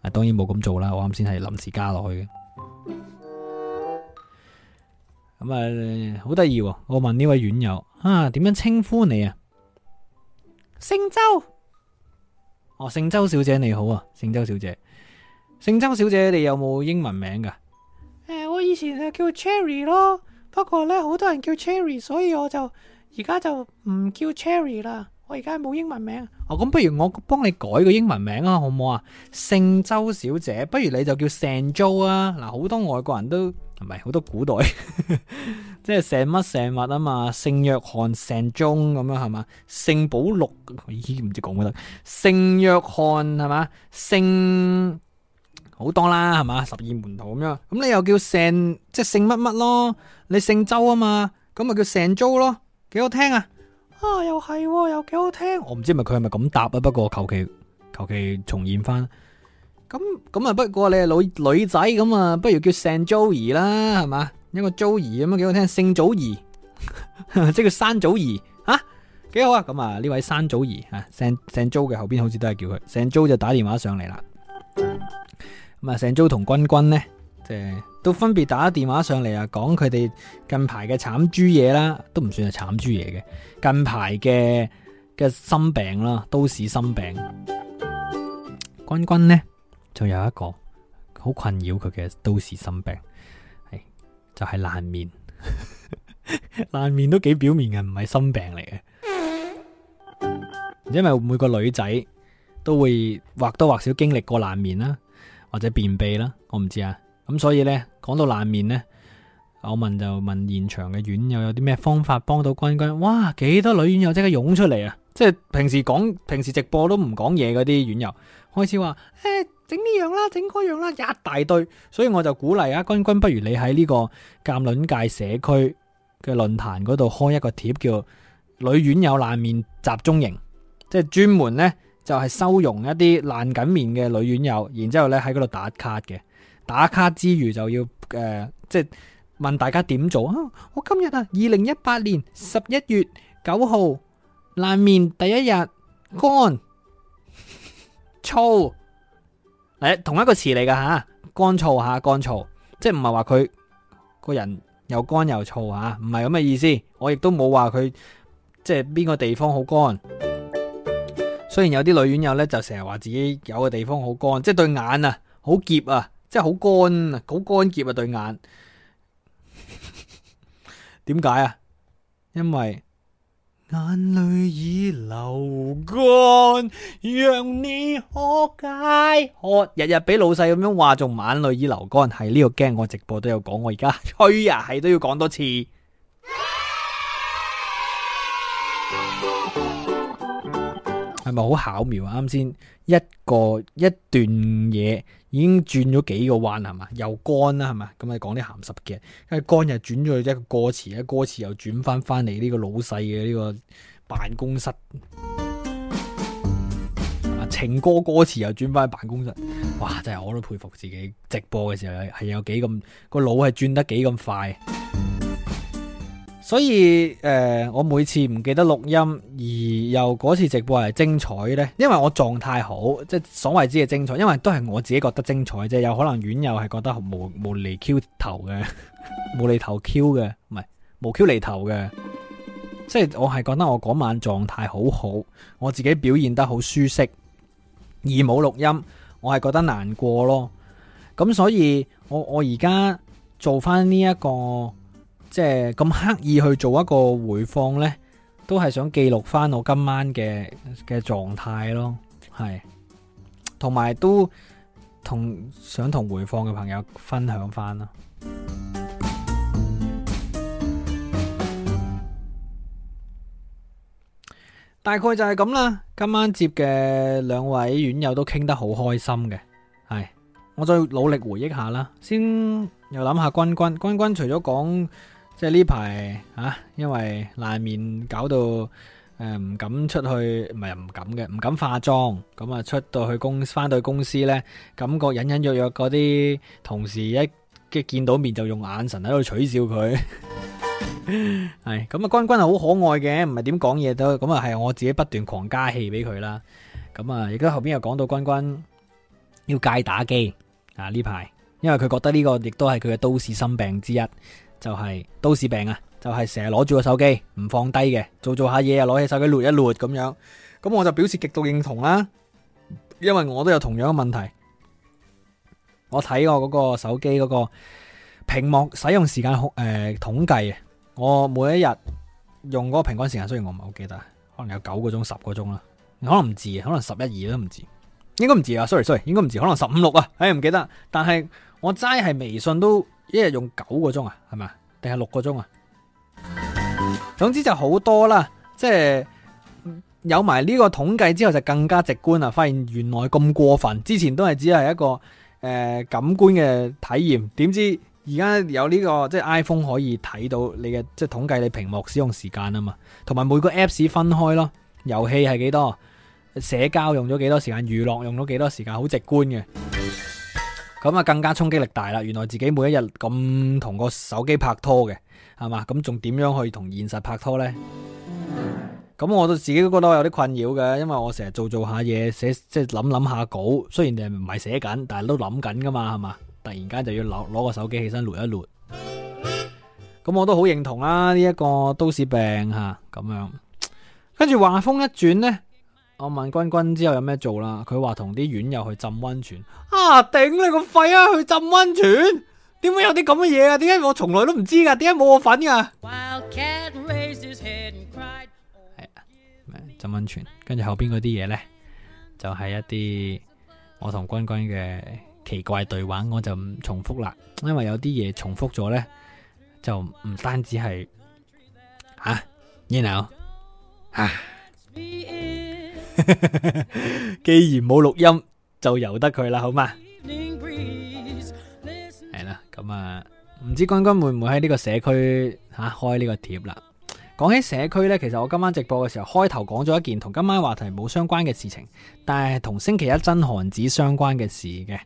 啊，當然冇咁做啦。我啱先係臨時加落去嘅。咁、 嗯、啊，好得意喎。我問呢位院友啊，點樣稱呼你啊？姓周，我、哦、姓周小姐，你好啊，姓周小姐。姓周小姐，你有冇英文名噶？誒、欸，我以前就叫 Cherry 咯，不過咧好多人叫 Cherry，所以我就而家就唔叫 Cherry 啦。我而家冇英文名哦。咁不如我幫你改個英文名啊，好唔好啊？姓周小姐，不如你就叫 Saint Jo 啊。嗱，好多外國人都唔係好多古代 即係聖乜聖物啊嘛。聖約翰,翰、聖鐘咁樣係嘛？聖保禄，我依家唔知講乜得。聖約翰係嘛？聖。好多啦，係嘛？十二門徒咁樣，咁你又叫姓，即係姓乜乜咯？你姓周啊嘛，咁咪叫姓周咯，幾好聽啊！啊，又係、哦，又幾好聽。我唔知咪佢係咪咁答啊，不過求其求其重現翻。咁咁啊，不過你係女女仔，咁啊，不如叫姓周兒啦，係嘛？一個周兒咁樣幾好聽，姓祖兒， 即係叫山祖兒，吓、啊，幾好啊！咁啊，呢位山祖兒啊，姓姓周嘅後邊好似都係叫佢，姓周就打電話上嚟啦。嗯咁啊！成租同君君呢，即係都分別打電話上嚟啊，講佢哋近排嘅慘豬嘢啦，都唔算係慘豬嘢嘅，近排嘅嘅心病啦，都市心病。君君呢，仲有一個好困擾佢嘅都市心病係就係、是、爛面，爛 面都幾表面嘅，唔係心病嚟嘅，因為每個女仔都會或多或少經歷過爛面啦。或者便秘啦，我唔知啊。咁所以呢，講到爛面呢，我問就問現場嘅院友有啲咩方法幫到君君？哇，幾多女院友即刻湧出嚟啊！即係平時講平時直播都唔講嘢嗰啲院友，開始話誒，整、哎、呢樣啦，整嗰樣啦，一大堆。所以我就鼓勵啊，君君，不如你喺呢個鑒論界社區嘅論壇嗰度開一個貼，叫女院友爛面集中營，即係專門呢。就係、是、收容一啲爛緊面嘅女院友，然之後呢喺嗰度打卡嘅。打卡之餘就要即係、呃就是、問大家點做啊？我今日啊，二零一八年十一月九號爛面第一日乾燥、 哎，同一個詞嚟㗎嚇。乾燥嚇，乾燥，即係唔係話佢個人又乾又燥嚇？唔係咁嘅意思。我亦都冇話佢即係邊個地方好乾。雖然有啲女院友呢就成日話自己有個地方好乾，即係對眼啊，好澀啊，即係好乾啊，好乾澀啊對眼。點解啊？因為眼淚已流乾，讓你何解？我日日俾老細咁樣話，仲眼淚已流乾，喺呢個驚我直播都有講，我而家吹啊，係都要講多次。咪好巧妙啊！啱先一個一段嘢已經轉咗幾個彎，係嘛，又乾啦係嘛，咁啊講啲鹹濕嘅，因為乾又轉咗去一個歌詞，啲歌詞又轉翻翻嚟呢個老細嘅呢個辦公室啊， 情歌歌詞又轉翻去辦公室，哇！真係我都佩服自己直播嘅時候，係係有幾咁個腦係轉得幾咁快。所以，誒、呃，我每次唔記得錄音，而又嗰次直播係精彩呢？因為我狀態好，即所謂之嘅精彩。因為都係我自己覺得精彩啫，有可能院友係覺得無無厘 Q 頭嘅，無厘頭 Q 嘅，唔係無 Q 厘頭嘅，即係我係覺得我嗰晚狀態好好，我自己表現得好舒適，而冇錄音，我係覺得難過咯。咁所以我，我我而家做翻呢一個。即係咁刻意去做一個回放呢，都係想記錄翻我今晚嘅嘅狀態咯，係，同埋都同想同回放嘅朋友分享翻啦。大概就係咁啦，今晚接嘅兩位院友都傾得好開心嘅，係，我再努力回憶下啦，先又諗下君君，君君除咗講。即係呢排啊，因為爛面搞到誒唔敢出去，唔係唔敢嘅，唔敢化妝咁啊，出到去公翻到去公司咧，感覺隱隱約約嗰啲同事一即係見到面就用眼神喺度取笑佢，係咁啊。君君係好可愛嘅，唔係點講嘢都咁啊，係我自己不斷狂加戲俾佢啦。咁啊，而家後邊又講到君君要戒打機啊呢排，因為佢覺得呢個亦都係佢嘅都市心病之一。就係、是、都市病啊！就係成日攞住個手機唔放低嘅，做做下嘢攞起手機碌一碌咁樣，咁我就表示極度認同啦、啊。因為我都有同樣嘅問題，我睇我嗰個手機嗰個屏幕使用時間，誒、呃、統計啊，我每一日用嗰個平均時間，雖然我唔係好記得，可能有九個鐘、十個鐘啦，可能唔止，可能十一二都唔止，應該唔止啊！sorry sorry，應該唔止，可能十五六啊，哎唔記得，但係我齋係微信都。一日用九個鐘啊，係咪啊？定係六個鐘啊？總之就好多啦，即、就、係、是、有埋呢個統計之後就更加直觀啦，發現原來咁過分，之前都係只係一個誒、呃、感官嘅體驗。點知而家有呢、這個即係、就是、iPhone 可以睇到你嘅即係統計你屏幕使用時間啊嘛，同埋每個 Apps 分開咯，遊戲係幾多，社交用咗幾多時間，娛樂用咗幾多時間，好直觀嘅。咁啊，更加衝擊力大啦！原來自己每一日咁同個手機拍拖嘅，係嘛？咁仲點樣去同現實拍拖呢？咁、嗯、我都自己都覺得我有啲困擾嘅，因為我成日做做下嘢，寫即係諗諗下稿。雖然你唔係寫緊，但係都諗緊㗎嘛，係嘛？突然間就要攞攞個手機起身捋一捋。咁、嗯、我都好認同啦、啊，呢、這、一個都市病吓，咁、啊、樣。跟住話風一轉呢。我問君君之後有咩做啦？佢話同啲院友去浸溫泉。啊！頂你個肺啊！去浸溫泉，點解有啲咁嘅嘢啊？點解我從來都唔知噶？點解冇我份噶？浸溫泉。跟住後邊嗰啲嘢呢，就係、是、一啲我同君君嘅奇怪對話，我就唔重複啦。因為有啲嘢重複咗呢，就唔單止係吓，you know 既然冇錄音，就由得佢啦，好嗎？係啦，咁 啊樂，唔、嗯嗯、知君君會唔會喺呢個社區吓、啊、開呢個貼啦？講起社區呢，其實我今晚直播嘅時候開頭講咗一件同今晚話題冇相關嘅事情，但係同星期一真漢子相關嘅事嘅。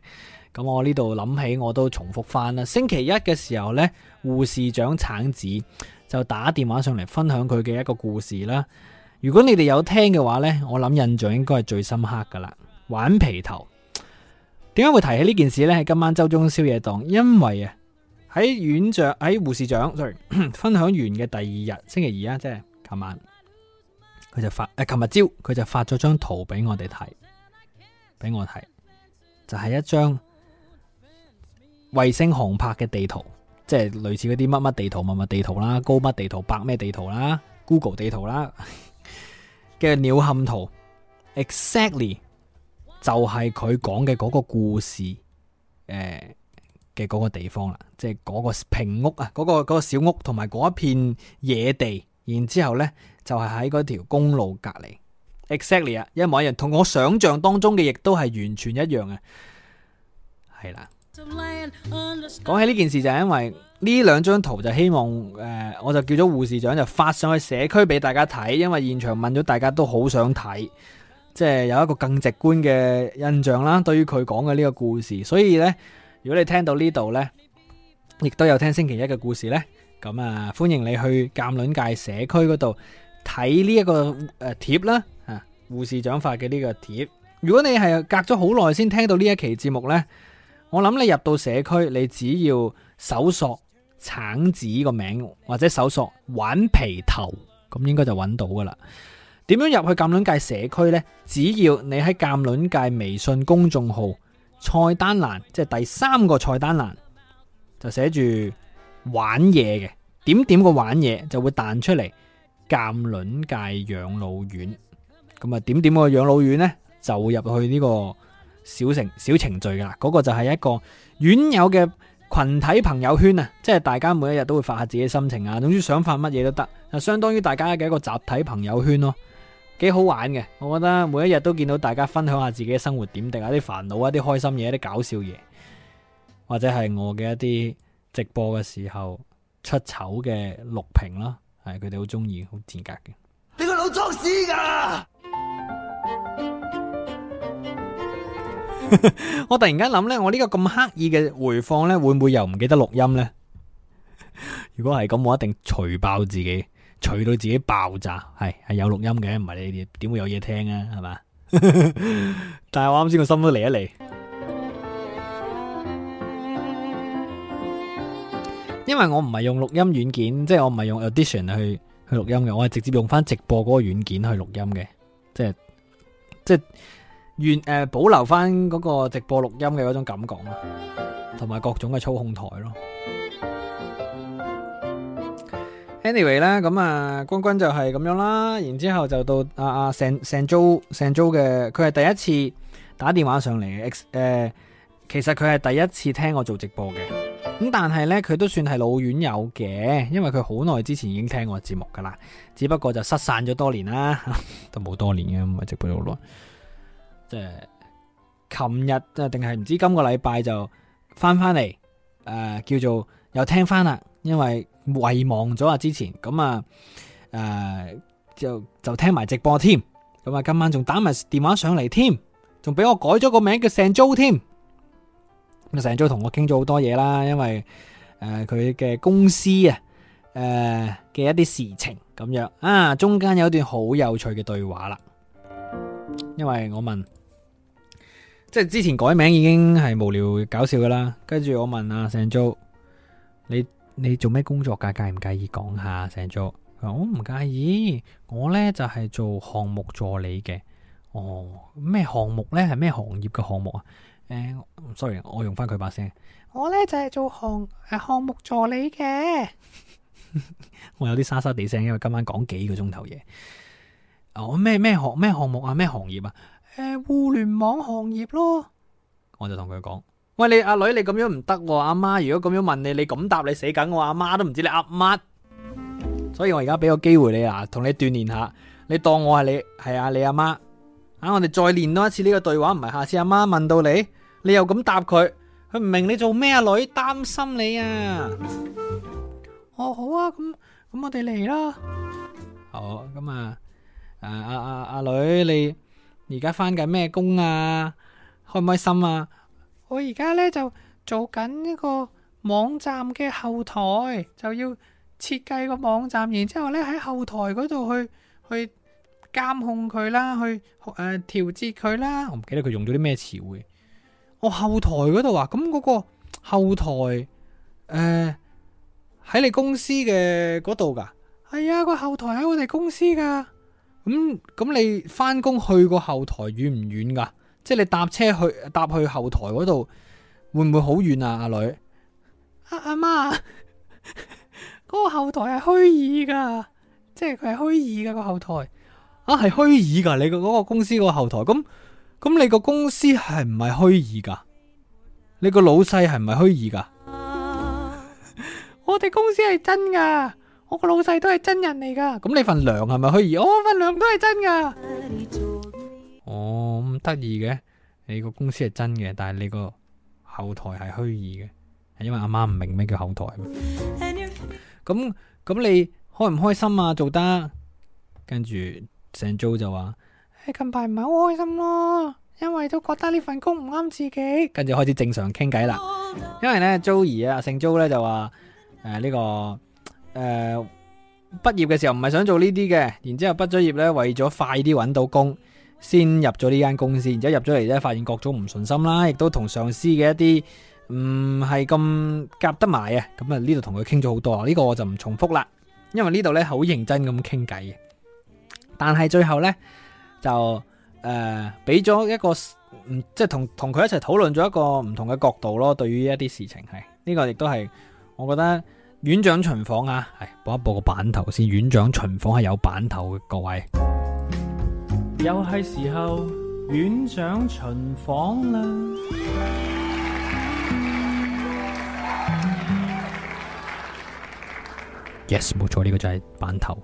咁我呢度諗起，我都重複翻啦。星期一嘅時候呢，護士長橙子就打電話上嚟，分享佢嘅一個故事啦。如果你哋有聽嘅話呢，我諗印象應該係最深刻噶啦。玩皮頭，點解會提起呢件事呢？喺今晚周中宵夜檔，因為啊喺院長喺護士長 sorry，分享完嘅第二日星期二啊，即係琴晚，佢就發誒，琴日朝佢就發咗張圖俾我哋睇，俾我睇，就係一張衛星航拍嘅地圖，即係類似嗰啲乜乜地圖、乜乜地圖啦，高乜地圖、白咩地圖啦，Google 地圖啦。嘅鳥瞰圖，exactly 就係佢講嘅嗰個故事，誒嘅嗰個地方啦，即係嗰個平屋啊，嗰、嗰個、嗰個小屋同埋嗰一片野地，然之後咧就係喺嗰條公路隔籬，exactly 啊，一模一樣，同我想象當中嘅亦都係完全一樣啊，係啦，講起呢件事就係因為。呢兩張圖就希望、呃、我就叫咗護士長就發上去社區俾大家睇，因為現場問咗大家都好想睇，即係有一個更直觀嘅印象啦。對於佢講嘅呢個故事，所以呢，如果你聽到呢度呢，亦都有聽星期一嘅故事呢。咁啊，歡迎你去鑑論界社區嗰度睇呢一個誒貼、呃、啦。啊，護士長發嘅呢個貼，如果你係隔咗好耐先聽到呢一期節目呢，我諗你入到社區，你只要搜索，橙子個名或者搜索玩皮頭，咁應該就揾到噶啦。點樣入去鑑卵界社區呢？只要你喺鑑卵界微信公眾號菜單欄，即係第三個菜單欄，就寫住玩嘢嘅，點點個玩嘢就會彈出嚟鑑卵界養老院。咁啊，點點個養老院呢，就入去呢個小程小程序噶啦。嗰個就係一個院友嘅。群體朋友圈啊，即係大家每一日都會發下自己嘅心情啊，總之想發乜嘢都得，啊相當於大家嘅一個集體朋友圈咯，幾好玩嘅，我覺得每一日都見到大家分享下自己嘅生活點滴啊，啲煩惱啊，啲開心嘢，啲搞笑嘢，或者係我嘅一啲直播嘅時候出醜嘅錄屏啦，係佢哋好中意，好賤格嘅。你個老裝屎噶！ 我突然間諗呢，我呢個咁刻意嘅回放呢，會唔會又唔記得錄音呢？ 如果係咁，我一定除爆自己，除到自己爆炸。係係有錄音嘅，唔係你點會有嘢聽啊？係嘛？ 但係我啱先個心都離一離，因為我唔係用錄音軟件，即係我唔係用 Audition 去去錄音嘅，我係直接用翻直播嗰個軟件去錄音嘅，即係即係。就是原誒保留翻嗰個直播錄音嘅嗰種感覺嘛，同埋各種嘅操控台咯。Anyway 咧，咁啊，君君就係咁樣啦。然之後就到阿阿成成 Jo 成 Jo 嘅，佢、啊、係、啊、San, 第一次打電話上嚟。X、呃、誒，其實佢係第一次聽我做直播嘅。咁但係咧，佢都算係老院友嘅，因為佢好耐之前已經聽我節目噶啦，只不過就失散咗多年啦， 都冇多年嘅，唔係直播咗好耐。即琴日，即定係唔知今個禮拜就翻翻嚟，誒、呃、叫做又聽翻啦，因為遺忘咗啊之前咁啊，誒、嗯呃、就就聽埋直播添，咁、嗯、啊今晚仲打埋電話上嚟添，仲俾我改咗個名叫成租添，咁成租同我傾咗好多嘢啦，因為誒佢嘅公司啊，誒、呃、嘅一啲事情咁樣啊，中間有一段好有趣嘅對話啦，因為我問。即係之前改名已經係無聊搞笑噶啦，跟住我問阿成 jo，你你做咩工作噶，介唔介意講下？成 jo，Sanjo 我唔介意，我呢就係、是、做項目助理嘅。哦，咩項目呢？係咩行業嘅項目啊、呃、？sorry 我用翻佢把聲。我呢就係、是、做項項目助理嘅。 我有啲沙沙地聲，因為今晚講幾個鐘頭嘢。我咩咩項咩項目啊？咩行業啊？誒、欸，互聯網行業咯，我就同佢講：喂，你阿女，你咁樣唔得、啊。阿媽如果咁樣問你，你咁答，你死梗。我阿媽都唔知你噏、啊、乜，所以我而家俾個機會你啊，同你鍛煉下。你當我係你係啊，你阿媽啊，我哋再練多一次呢個對話，唔係下次阿媽問到你，你又咁答佢，佢唔明你做咩、啊、女，擔心你啊。哦，好啊，咁咁，我哋嚟啦。好咁啊，誒、啊，阿、啊、阿女，你而家翻緊咩工啊？開唔開心啊？我而家呢，就做緊一個網站嘅後台，就要設計個網站，然之後呢喺後台嗰度去去監控佢啦，去誒、呃、調節佢啦。我唔記得佢用咗啲咩詞彙。我、哦、後台嗰度啊，咁嗰個後台誒喺、呃、你公司嘅嗰度噶？係啊，個後台喺我哋公司噶。咁、嗯、咁，你翻工去個後台遠唔遠噶？即係你搭車去搭去後台嗰度，會唔會好遠啊？阿女，阿阿媽，嗰、嗰個後台係虛擬噶，即係佢係虛擬噶個後台。啊，係虛擬噶，你個個公司個後台。咁咁，你個、啊、公司係唔係虛擬噶？你個老細係唔係虛擬噶？我哋公司係真噶。我個老細都係真人嚟噶，咁你份糧係咪虛擬？哦、我份糧都係真噶。哦，咁得意嘅，你個公司係真嘅，但係你個後台係虛擬嘅，係因為阿媽唔明咩叫後台。咁咁 can...、嗯嗯嗯、你開唔開心啊？做得？跟住成 Jo 就話：，誒近排唔係好開心咯，因為都覺得呢份工唔啱自己。跟住開始正常傾偈啦，因為咧、啊、Jo 啊，姓 Jo 咧就話：，誒、這、呢個。誒、呃，畢業嘅時候唔係想做呢啲嘅，然之後畢咗業呢，為咗快啲搵到工，先入咗呢間公司，然之後入咗嚟呢，發現各種唔順心啦，亦都同上司嘅一啲唔係咁夾得埋啊，咁啊呢度同佢傾咗好多呢、呢個我就唔重複啦，因為呢度呢好認真咁傾偈，但係最後呢，就誒俾咗一個，即係同同佢一齊討論咗一個唔同嘅角度咯，對於一啲事情係呢、呢個亦都係我覺得。院長巡訪啊，係、哎、播一播個版頭先。院長巡訪係有版頭嘅，各位。又係時候院長巡訪啦。Yes，冇錯，呢、這個就係版頭。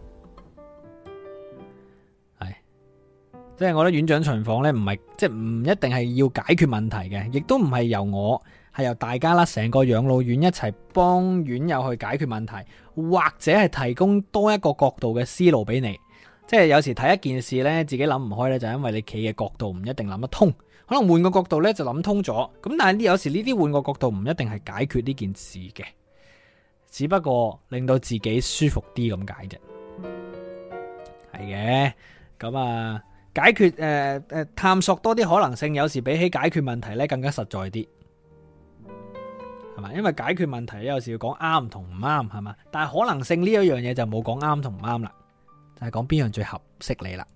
係，即、就、係、是、我覺得院長巡訪咧，唔係即係唔一定係要解決問題嘅，亦都唔係由我。係由大家啦，成個養老院一齊幫院友去解決問題，或者係提供多一個角度嘅思路俾你。即係有時睇一件事呢，自己諗唔開呢，就因為你企嘅角度唔一定諗得通，可能換個角度呢就諗通咗。咁但係呢，有時呢啲換個角度唔一定係解決呢件事嘅，只不過令到自己舒服啲咁解啫。係嘅，咁啊，解決誒誒、呃，探索多啲可能性，有時比起解決問題呢更加實在啲。係嘛？因為解決問題咧，有時要講啱同唔啱，係嘛。但係可能性呢一樣嘢就冇講啱同唔啱啦，就係講邊樣最合適你啦。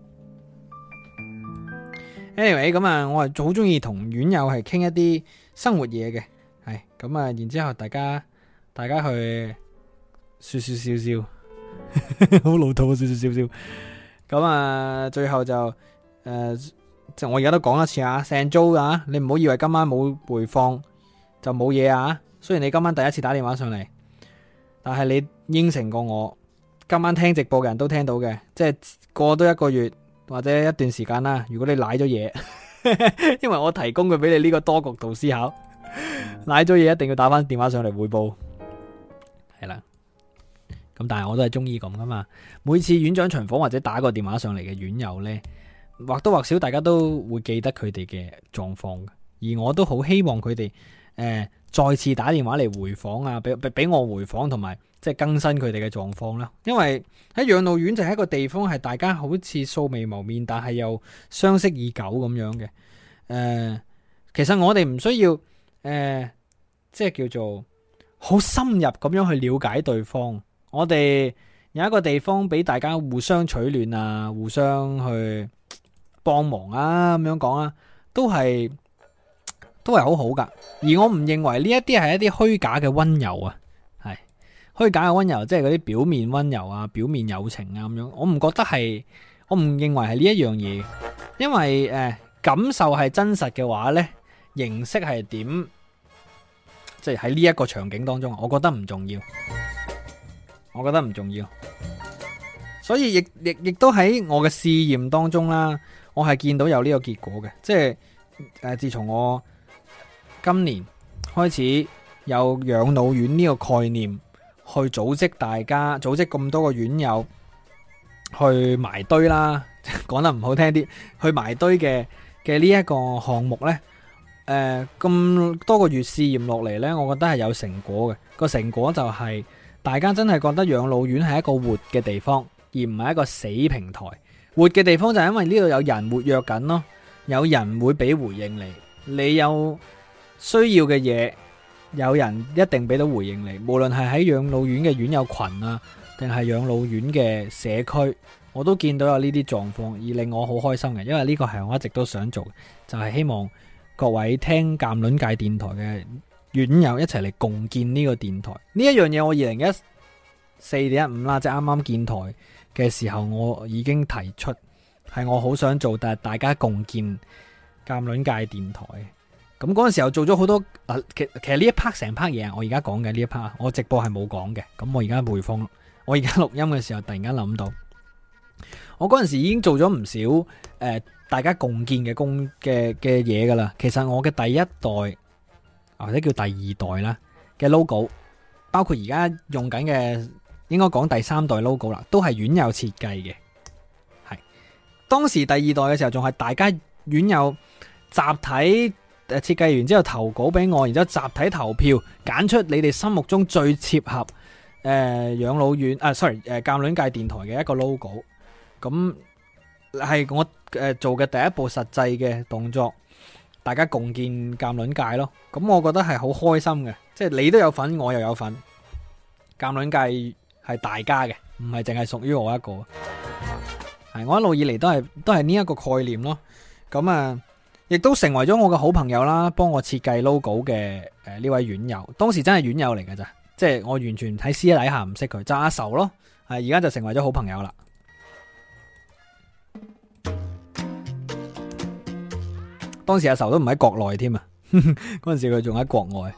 Anyway 咁啊，我係好中意同院友係傾一啲生活嘢嘅，係咁啊。然之後大家大家去說說笑笑，好老土啊！說說笑笑，咁啊，最後就誒，即係我而家都講一次啊，成租啊，你唔好以為今晚冇回放就冇嘢啊。雖然你今晚第一次打電話上嚟，但係你應承過我，今晚聽直播嘅人都聽到嘅，即係過多一個月或者一段時間啦。如果你瀨咗嘢，因為我提供佢俾你呢個多角度思考，瀨咗嘢一定要打翻電話上嚟匯報，係、嗯、啦。咁但係我都係中意咁噶嘛。每次院長巡房或者打個電話上嚟嘅院友呢，或多或少大家都會記得佢哋嘅狀況，而我都好希望佢哋。誒，再次打電話嚟回訪啊，俾俾我回訪同埋即係更新佢哋嘅狀況啦。因為喺養老院就係一個地方，係大家好似素未謀面，但係又相識已久咁樣嘅。誒、呃，其實我哋唔需要誒、呃，即係叫做好深入咁樣去了解對方。我哋有一個地方俾大家互相取暖啊，互相去幫忙啊，咁樣講啊，都係。都係好好噶，而我唔認為呢一啲係一啲虛假嘅温柔啊，係虛假嘅温柔，即係嗰啲表面温柔啊，表面友情啊咁樣，我唔覺得係，我唔認為係呢一樣嘢，因為誒、呃、感受係真實嘅話呢，形式係點，即係喺呢一個場景當中，我覺得唔重要，我覺得唔重要，所以亦亦亦都喺我嘅試驗當中啦，我係見到有呢個結果嘅，即係、呃、自從我。今年開始有養老院呢個概念，去組織大家，組織咁多個院友去埋堆啦。講得唔好聽啲，去埋堆嘅嘅呢一個項目呢，誒，咁多個月試驗落嚟呢，我覺得係有成果嘅。個成果就係大家真係覺得養老院係一個活嘅地方，而唔係一個死平台。活嘅地方就係因為呢度有人活躍緊咯，有人會俾回應你，你有需要嘅嘢，有人一定俾到回應你。無論係喺養老院嘅院友群啊，定係養老院嘅社區，我都見到有呢啲狀況，而令我好開心嘅，因為呢個係我一直都想做嘅，就係、是、希望各位聽鑑論界電台嘅院友一齊嚟共建呢個電台。呢一樣嘢，我二零一四年一五啦，即係啱啱建台嘅時候，我已經提出係我好想做，但係大家共建鑑論界電台。咁嗰陣時候做咗好多，嗱，其其實呢一 part 成 part 嘢，我而家講嘅呢一 part，我直播係冇講嘅，咁我而家回放，我而家錄音嘅時候，突然間諗到，我嗰陣時已經做咗唔少，誒、呃，大家共建嘅工嘅嘅嘢噶啦，其實我嘅第一代或者叫第二代啦嘅 logo，包括而家用緊嘅，應該講第三代 logo 啦，都係院友設計嘅，係，當時第二代嘅時候仲係大家院友集體。誒，設計完之後投稿俾我，然之後集體投票揀出你哋心目中最適合誒、呃、養老院啊，sorry，誒、呃、鑒卵界電台嘅一個 logo，咁係、嗯、我誒、呃、做嘅第一步實際嘅動作，大家共建鑒卵界咯。咁、嗯、我覺得係好開心嘅，即、就、係、是、你都有份，我又有份，鑒卵界係大家嘅，唔係淨係屬於我一個。係我一路以嚟都係都係呢一個概念咯。咁、嗯、啊。嗯亦都成為咗我嘅好朋友啦，幫我設計 logo 嘅誒呢位院友，當時真係院友嚟噶咋，即係我完全喺私底下唔識佢，阿仇咯，係而家就成為咗好朋友啦。當時阿仇都唔喺國內添啊，嗰 陣時佢仲喺國外。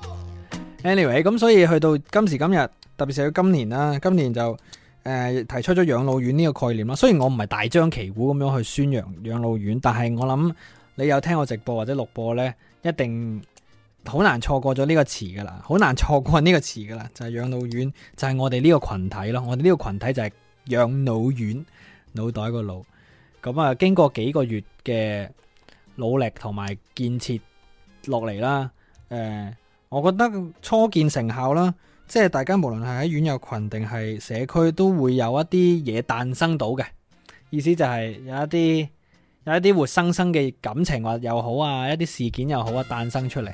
anyway，咁所以去到今時今日，特別是今年啦，今年就誒提出咗養老院呢個概念啦。雖然我唔係大張旗鼓咁樣去宣揚養老院，但係我諗。你有聽我直播或者錄播呢，一定好難錯過咗呢個詞噶啦，好難錯過呢個詞噶啦，就係養老院，就係我哋呢個群體咯。我哋呢個群體就係養老院，腦袋個腦。咁啊，經過幾個月嘅努力同埋建設落嚟啦，誒、呃，我覺得初見成效啦，即係大家無論係喺院友群定係社區，都會有一啲嘢誕生到嘅。意思就係有一啲。有一啲活生生嘅感情或又好啊，一啲事件又好啊，誕生出嚟。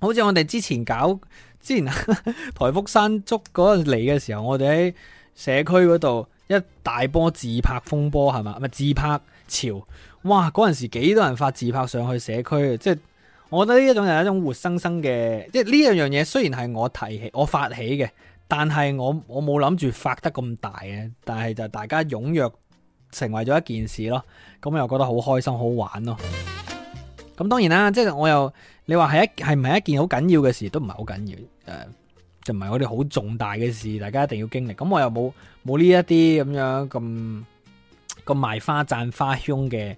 好似我哋之前搞之前台福山竹嗰陣嚟嘅時候，我哋喺社區嗰度一大波自拍風波係嘛咪自拍潮，哇！嗰陣時幾多人發自拍上去社區，即係我覺得呢一種係一種活生生嘅，即係呢樣樣嘢雖然係我提起我發起嘅，但係我我冇諗住發得咁大嘅，但係就大家踊躍。成為咗一件事咯，咁又覺得好開心、好玩咯。咁當然啦，即係我又你話係一係唔係一件好緊要嘅事，都唔係好緊要誒、呃，就唔係我哋好重大嘅事，大家一定要經歷。咁我又冇冇呢一啲咁樣咁咁賣花讚花香嘅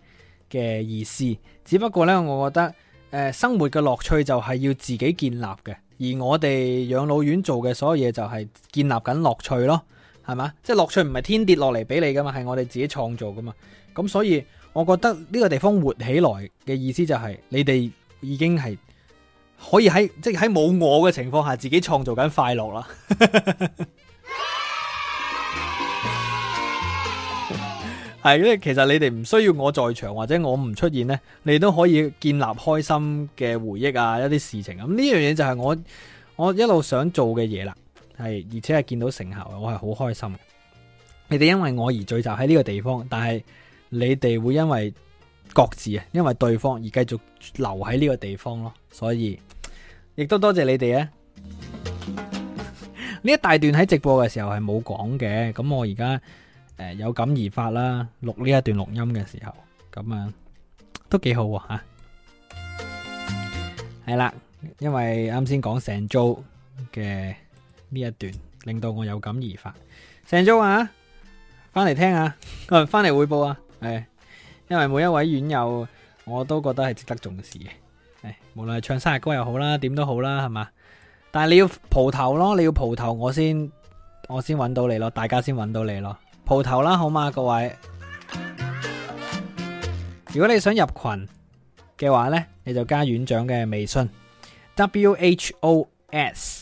嘅意思。只不過呢，我覺得誒、呃、生活嘅樂趣就係要自己建立嘅，而我哋養老院做嘅所有嘢就係建立緊樂趣咯。係、就是、嘛？即係樂趣唔係天跌落嚟俾你噶嘛，係我哋自己創造噶嘛。咁所以我覺得呢個地方活起來嘅意思就係你哋已經係可以喺即係冇我嘅情況下，自己創造緊快樂啦。係，因為其實你哋唔需要我在場或者我唔出現咧，你都可以建立開心嘅回憶啊，一啲事情咁。呢樣嘢就係我我一路想做嘅嘢啦。係，而且係見到成效，我係好開心。你哋因為我而聚集喺呢個地方，但係你哋會因為各自啊，因為對方而繼續留喺呢個地方咯。所以亦都多謝你哋啊。呢一大段喺直播嘅時候係冇講嘅，咁我而家誒有感而發啦，錄呢一段錄音嘅時候，咁啊都幾好啊嚇。係啦，因為啱先講成租嘅。呢一段令到我有感而發，成 jo 啊，翻嚟聽啊，啊翻嚟匯報啊，係、哎，因為每一位院友我都覺得係值得重視嘅，誒、哎，無論係唱生日歌又好啦，點都好啦，係嘛，但係你要蒲頭咯，你要蒲頭我先，我先揾到你咯，大家先揾到你咯，蒲頭啦好嘛，各位，如果你想入群嘅話呢，你就加院長嘅微信，w h o s。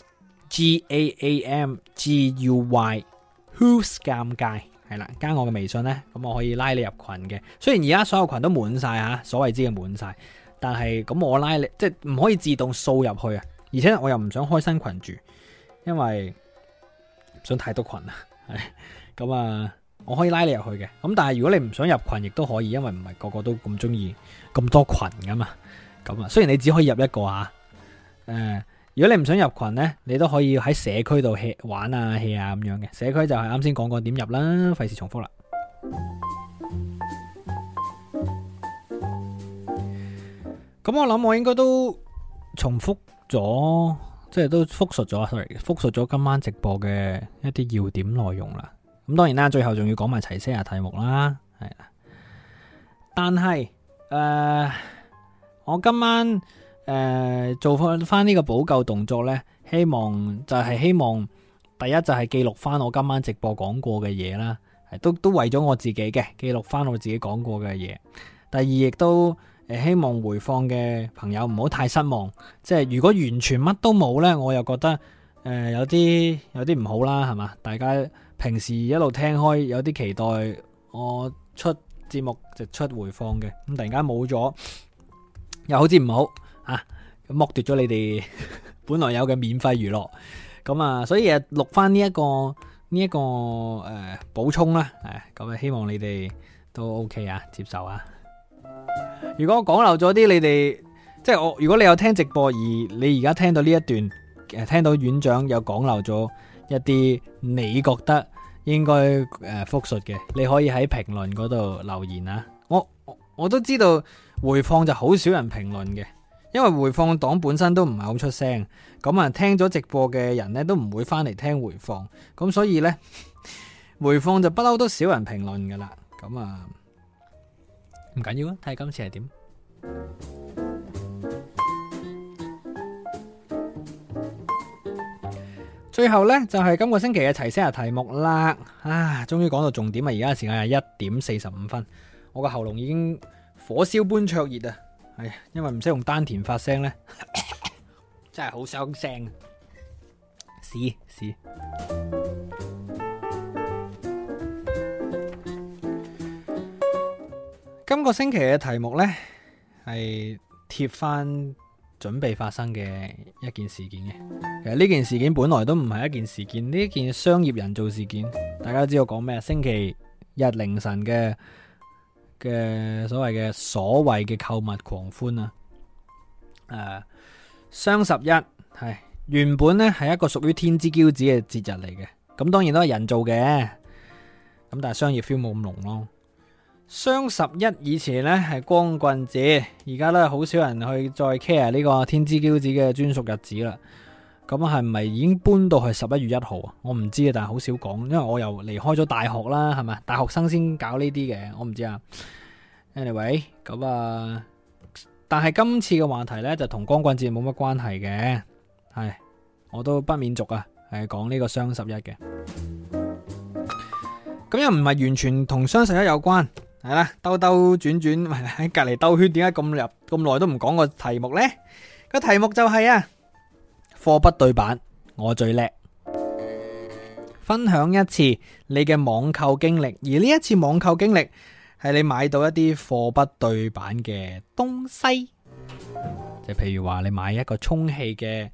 G A A M G U Y，Who's Gam Guy？係啦，加我嘅微信咧，咁我可以拉你入群嘅。雖然而家所有群都滿晒吓，所謂之嘅滿晒，但係咁我拉你，即係唔可以自動掃入去啊。而且我又唔想開新群住，因為唔想太多群啊。咁啊，我可以拉你入去嘅。咁但係如果你唔想入群，亦都可以，因為唔係個個都咁中意咁多群噶嘛。咁啊，雖然你只可以入一個吓，誒。如果你唔想入群呢，你都可以喺社區度玩啊、戲啊咁樣嘅。社區就係啱先講過點入啦，費事重複啦。咁、嗯、我諗我應該都重複咗，即係都複述咗，sorry，複述咗今晚直播嘅一啲要點內容啦。咁當然啦，最後仲要講埋齊些啊題目啦，係啦。但係誒、呃，我今晚。誒、呃，做翻呢個補救動作呢，希望就係希望第一就係記錄翻我今晚直播講過嘅嘢啦，都都為咗我自己嘅記錄翻我自己講過嘅嘢。第二亦都、呃、希望回放嘅朋友唔好太失望，即係如果完全乜都冇呢，我又覺得誒、呃、有啲有啲唔好啦，係嘛？大家平時一路聽開有啲期待我出節目就出回放嘅，咁突然間冇咗又好似唔好。啊，剝奪咗你哋本來有嘅免費娛樂咁啊，所以啊錄翻呢一個呢一個誒補充啦，係咁啊，希望你哋都 OK 啊，接受啊。如果我講漏咗啲，你哋即係我。如果你有聽直播而你而家聽到呢一段誒、呃，聽到院長有講漏咗一啲，你覺得應該誒複述嘅，你可以喺評論嗰度留言啊。我我，我都知道回放就好少人評論嘅。因為回放檔本身都唔係好出聲，咁啊聽咗直播嘅人呢都唔會翻嚟聽回放，咁所以呢，回放就不嬲都少人評論噶啦，咁啊唔緊要啊，睇下今次係點。最後呢，就係、是、今個星期嘅提先生題目啦，啊終於講到重點啊，而家嘅時間係一點四十五分，我個喉嚨已經火燒般灼熱啊！因為唔識用丹田發聲呢真係好傷聲，啊試試，真係好傷聲。試試。今、這個星期嘅題目呢，係貼翻準備發生嘅一件事件嘅。其實呢件事件本來都唔係一件事件，呢件商業人造事件，大家知道講咩？星期日凌晨嘅。嘅所謂嘅所謂嘅購物狂歡啊！誒、啊，雙十一係原本呢係一個屬於天之驕子嘅節日嚟嘅，咁當然都係人造嘅，咁但係商業 feel 冇咁濃咯。雙十一以前呢係光棍節，而家都係好少人去再 care 呢個天之驕子嘅專屬日子啦。咁啊，係咪已經搬到去十一月一號啊？我唔知啊，但係好少講，因為我又離開咗大學啦，係咪？大學生先搞呢啲嘅，我唔知啊。Anyway，咁啊，但係今次嘅話題呢，就同光棍節冇乜關係嘅。係我都不免俗啊，係講呢個雙十一嘅。咁又唔係完全同雙十一有關，係啦，兜兜轉轉喺隔籬兜圈，點解咁入咁耐都唔講個題目呢？個題目就係啊。貨不對版，我最叻。分享一次你嘅網購經歷，而呢一次網購經歷係你買到一啲貨不對版嘅東西，即譬如話你買一個充氣嘅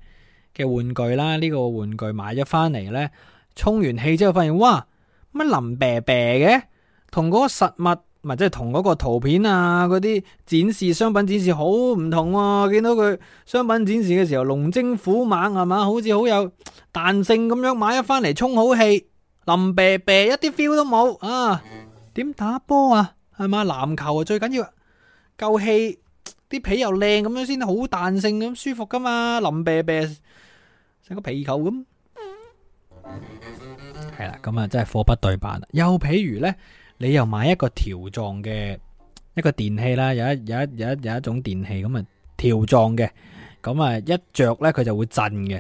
嘅玩具啦，呢個玩具買咗翻嚟呢，充完氣之後發現哇，乜林癟癟嘅，同嗰個實物。唔即係同嗰個圖片啊，嗰啲展示商品展示好唔同啊。見到佢商品展示嘅時候，龍精虎猛係嘛，好似好有彈性咁樣買一翻嚟充好氣，冧啤啤一啲 feel 都冇啊！點打波啊？係嘛，籃球啊最緊要夠氣，啲皮又靚咁樣先好彈性咁舒服噶嘛，冧啤啤成個皮球咁。係、嗯、啦，咁啊真係貨不對辦。又譬如呢。你又買一個條狀嘅，一個電器啦，有一有一有一有一種電器咁啊條狀嘅，咁啊一着咧佢就會震嘅。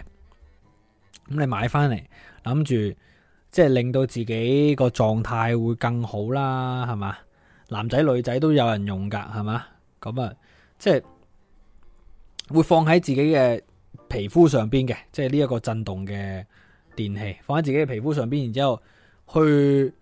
咁你買翻嚟諗住，即係令到自己個狀態會更好啦，係嘛？男仔女仔都有人用噶，係嘛？咁啊，即係會放喺自己嘅皮膚上邊嘅，即係呢一個震動嘅電器放喺自己嘅皮膚上邊，然之後去。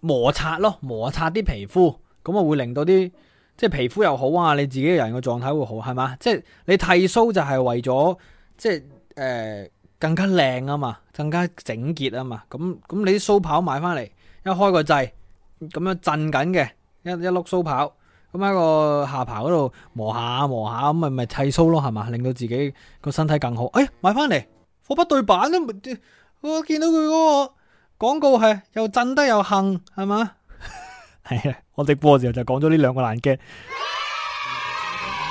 摩擦咯，摩擦啲皮膚，咁啊會令到啲即係皮膚又好啊，你自己嘅人嘅狀態會好，係嘛？即係你剃須就係為咗即係誒、呃、更加靚啊嘛，更加整潔啊嘛。咁咁你啲須刨買翻嚟，一開個掣咁樣震緊嘅，一一碌須刨咁喺個下巴嗰度磨下磨下，咁咪咪剃須咯，係嘛？令到自己個身體更好。哎呀，買翻嚟貨不對板都咪見到佢嗰個。廣告係又震得又行係嘛？係啊， 我直播嘅時候就講咗呢兩個難嘅。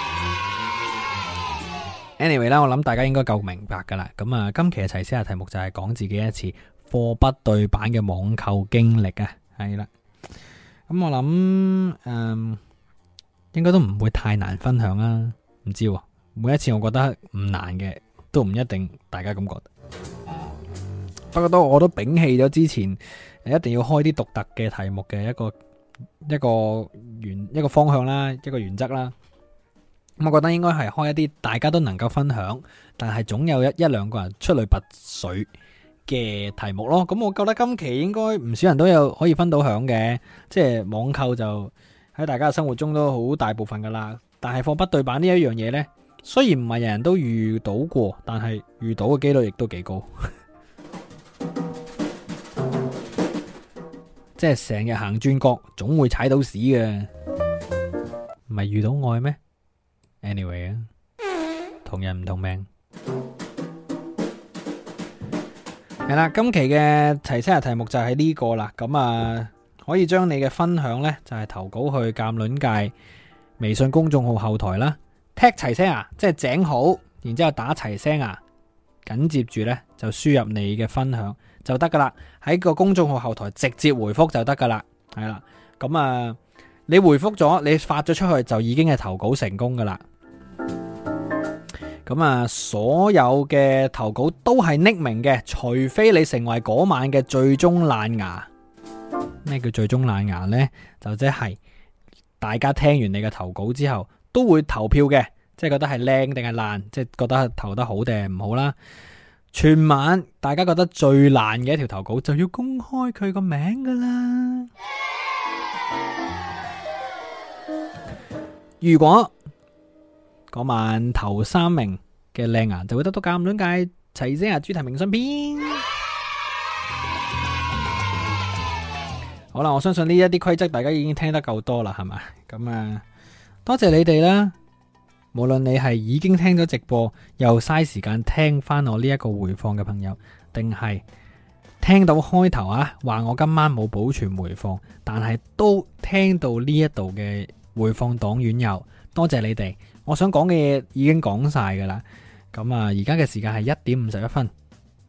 Anyway 啦，我諗大家應該夠明白噶啦。咁啊，今期嘅齊先下題目就係講自己一次貨不對版嘅網購經歷啊。係啦，咁、嗯、我諗，嗯，應該都唔會太難分享啊。唔知喎、啊，每一次我覺得唔難嘅，都唔一定大家咁覺得。不過都我都摒棄咗之前，一定要開啲獨特嘅題目嘅一個一個原一個方向啦，一個原則啦。咁我覺得應該係開一啲大家都能夠分享，但係總有一一兩個人出類拔萃嘅題目咯。咁我覺得今期應該唔少人都有可以分到享嘅，即係網購就喺大家嘅生活中都好大部分噶啦。但係貨不對版呢一樣嘢呢，雖然唔係人人都遇到過，但係遇到嘅幾率亦都幾高。即係成日行轉角，總會踩到屎嘅，唔、嗯、係、嗯、遇到愛咩？Anyway 啊，同人唔同命。係啦，今期嘅齊聲題目就係呢個啦。咁啊，可以將你嘅分享呢，就係、是、投稿去鑒論界微信公眾號後台啦。嗯、踢齊聲啊，即係整好，然之後打齊聲啊，緊接住呢，就輸入你嘅分享就得噶啦。喺個公眾號後台直接回覆就得噶啦。係啦，咁啊，你回覆咗，你發咗出去就已經係投稿成功噶啦。咁啊，所有嘅投稿都係匿名嘅，除非你成為嗰晚嘅最終爛牙。咩叫最終爛牙呢？就即係大家聽完你嘅投稿之後，都會投票嘅，即係覺得係靚定係爛，即係覺得投得好定係唔好啦。全晚大家覺得最爛嘅一條投稿就要公開佢個名噶啦。如果嗰晚頭三名嘅靚牙就會得到鑒卵界齊聲啊主題明信片。好啦，我相信呢一啲規則大家已經聽得夠多啦，係嘛？咁啊，多謝你哋啦。無論你係已經聽咗直播，又嘥時間聽翻我呢一個回放嘅朋友，定係聽到開頭啊，話我今晚冇保存回放，但係都聽到呢一度嘅回放，黨院友，多謝你哋，我想講嘅嘢已經講晒噶啦。咁啊，而家嘅時間係一點五十一分，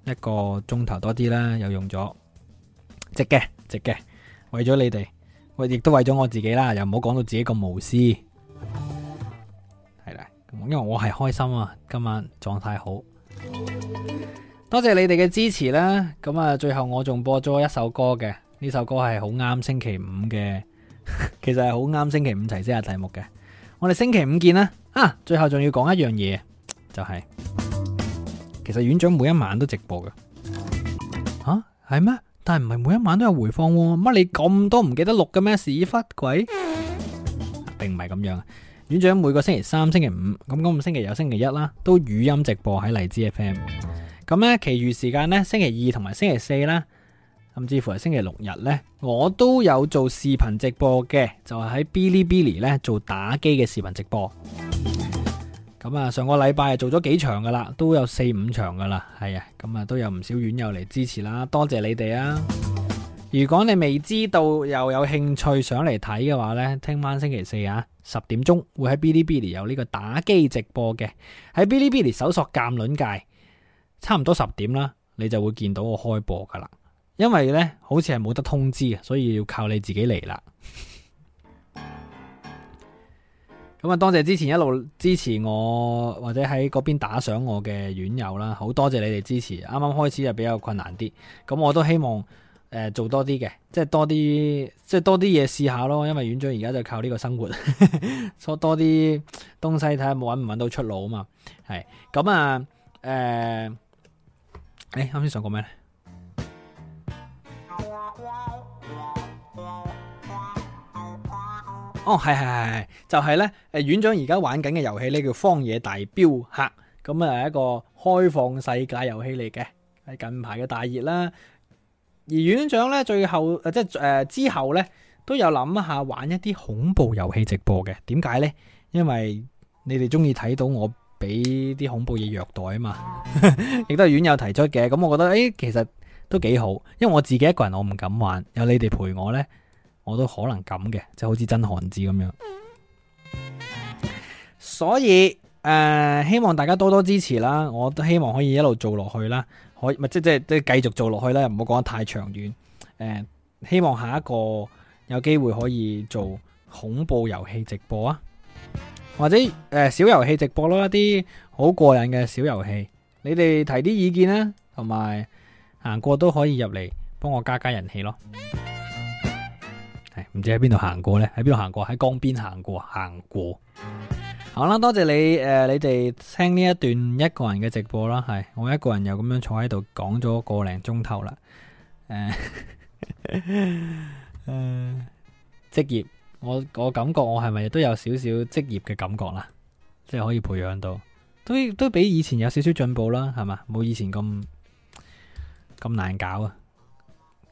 一個鐘頭多啲啦，又用咗，值嘅，值嘅，為咗你哋，我亦都為咗我自己啦，又唔好講到自己咁無私。因為我係開心啊，今晚狀態好，多謝你哋嘅支持啦。咁啊，最後我仲播咗一首歌嘅，呢首歌係好啱星期五嘅，其實係好啱星期五齊先嘅題目嘅。我哋星期五見啦。啊，最後仲要講一樣嘢，就係、是、其實院長每一晚都直播嘅。吓、啊？係咩？但係唔係每一晚都有回放喎？乜你咁多唔記得錄嘅咩？屎忽鬼，並唔係咁樣。院長每個星期三、星期五咁，嗰星期有星期一啦，都語音直播喺荔枝 FM。咁咧，其餘時間咧，星期二同埋星期四啦，甚至乎係星期六日咧，我都有做視頻直播嘅，就係喺嗶哩嗶哩咧做打機嘅視頻直播。咁啊，上個禮拜做咗幾場噶啦，都有四五場噶啦，係啊，咁啊都有唔少院友嚟支持啦，多謝你哋啊！如果你未知道又有興趣想嚟睇嘅話咧，聽晚星期四啊。十點鐘會喺 Bilibili 有呢個打機直播嘅，喺 Bilibili 搜索鑑論界，差唔多十點啦，你就會見到我開播噶啦。因為呢好似係冇得通知啊，所以要靠你自己嚟啦。咁 啊，多謝之前一路支持我或者喺嗰邊打賞我嘅院友啦，好多謝你哋支持。啱啱開始就比較困難啲，咁我都希望。誒、呃，做多啲嘅，即係多啲，即係多啲嘢試下咯。因為院長而家就靠呢個生活，所以多啲東西睇下，冇搵唔搵到出路啊嘛。係咁啊，誒，誒，啱先想講咩咧？哦，係係係就係咧。誒，院長而家玩緊嘅遊戲呢，叫《荒野大鏢客》，咁啊係一個開放世界遊戲嚟嘅，係近排嘅大熱啦。而院長咧，最後誒，即係誒之後咧，都有諗一下玩一啲恐怖遊戲直播嘅。點解呢？因為你哋中意睇到我俾啲恐怖嘢虐待啊嘛，亦都係院友提出嘅。咁我覺得誒、欸，其實都幾好，因為我自己一個人我唔敢玩，有你哋陪我呢，我都可能咁嘅，就好似真漢子咁樣。所以誒、呃，希望大家多多支持啦，我都希望可以一路做落去啦。可唔即即即繼續做落去啦，唔好講得太長遠、呃。希望下一個有機會可以做恐怖遊戲直播啊，或者誒、呃、小遊戲直播咯，一啲好過癮嘅小遊戲。你哋提啲意見啦，同埋行過都可以入嚟幫我加加人氣咯。唔知喺邊度行過呢？喺邊度行過？喺江邊行過，行過。好啦，多謝你誒、呃，你哋聽呢一段一個人嘅直播啦，係我一個人又咁樣坐喺度講咗個零鐘頭啦，誒、呃 呃，職業，我我感覺我係咪都有少少職業嘅感覺啦，即係可以培養到，都都比以前有少少進步啦，係嘛，冇以前咁咁難搞啊。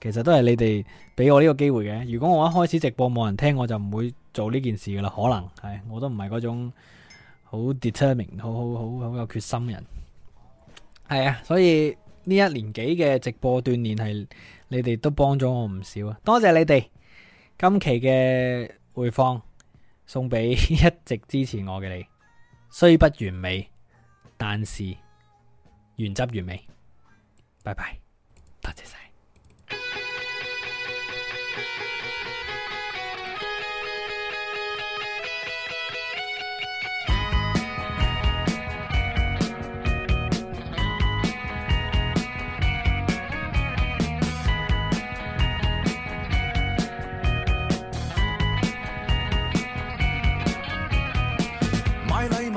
其實都係你哋俾我呢個機會嘅。如果我一開始直播冇人聽，我就唔會做呢件事噶啦。可能係我都唔係嗰種好 determine，好好好好有決心人。係啊，所以呢一年幾嘅直播鍛煉係你哋都幫咗我唔少。啊。多謝你哋今期嘅回放送俾一直支持我嘅你，雖不完美，但是原汁原味。拜拜，多謝曬。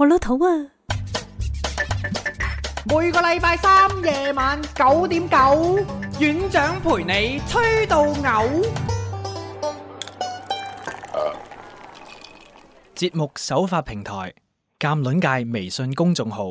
我老土啊！每個禮拜三夜晚九點九，院長陪你吹到嘔。節目首發平台：鑑卵界微信公眾號。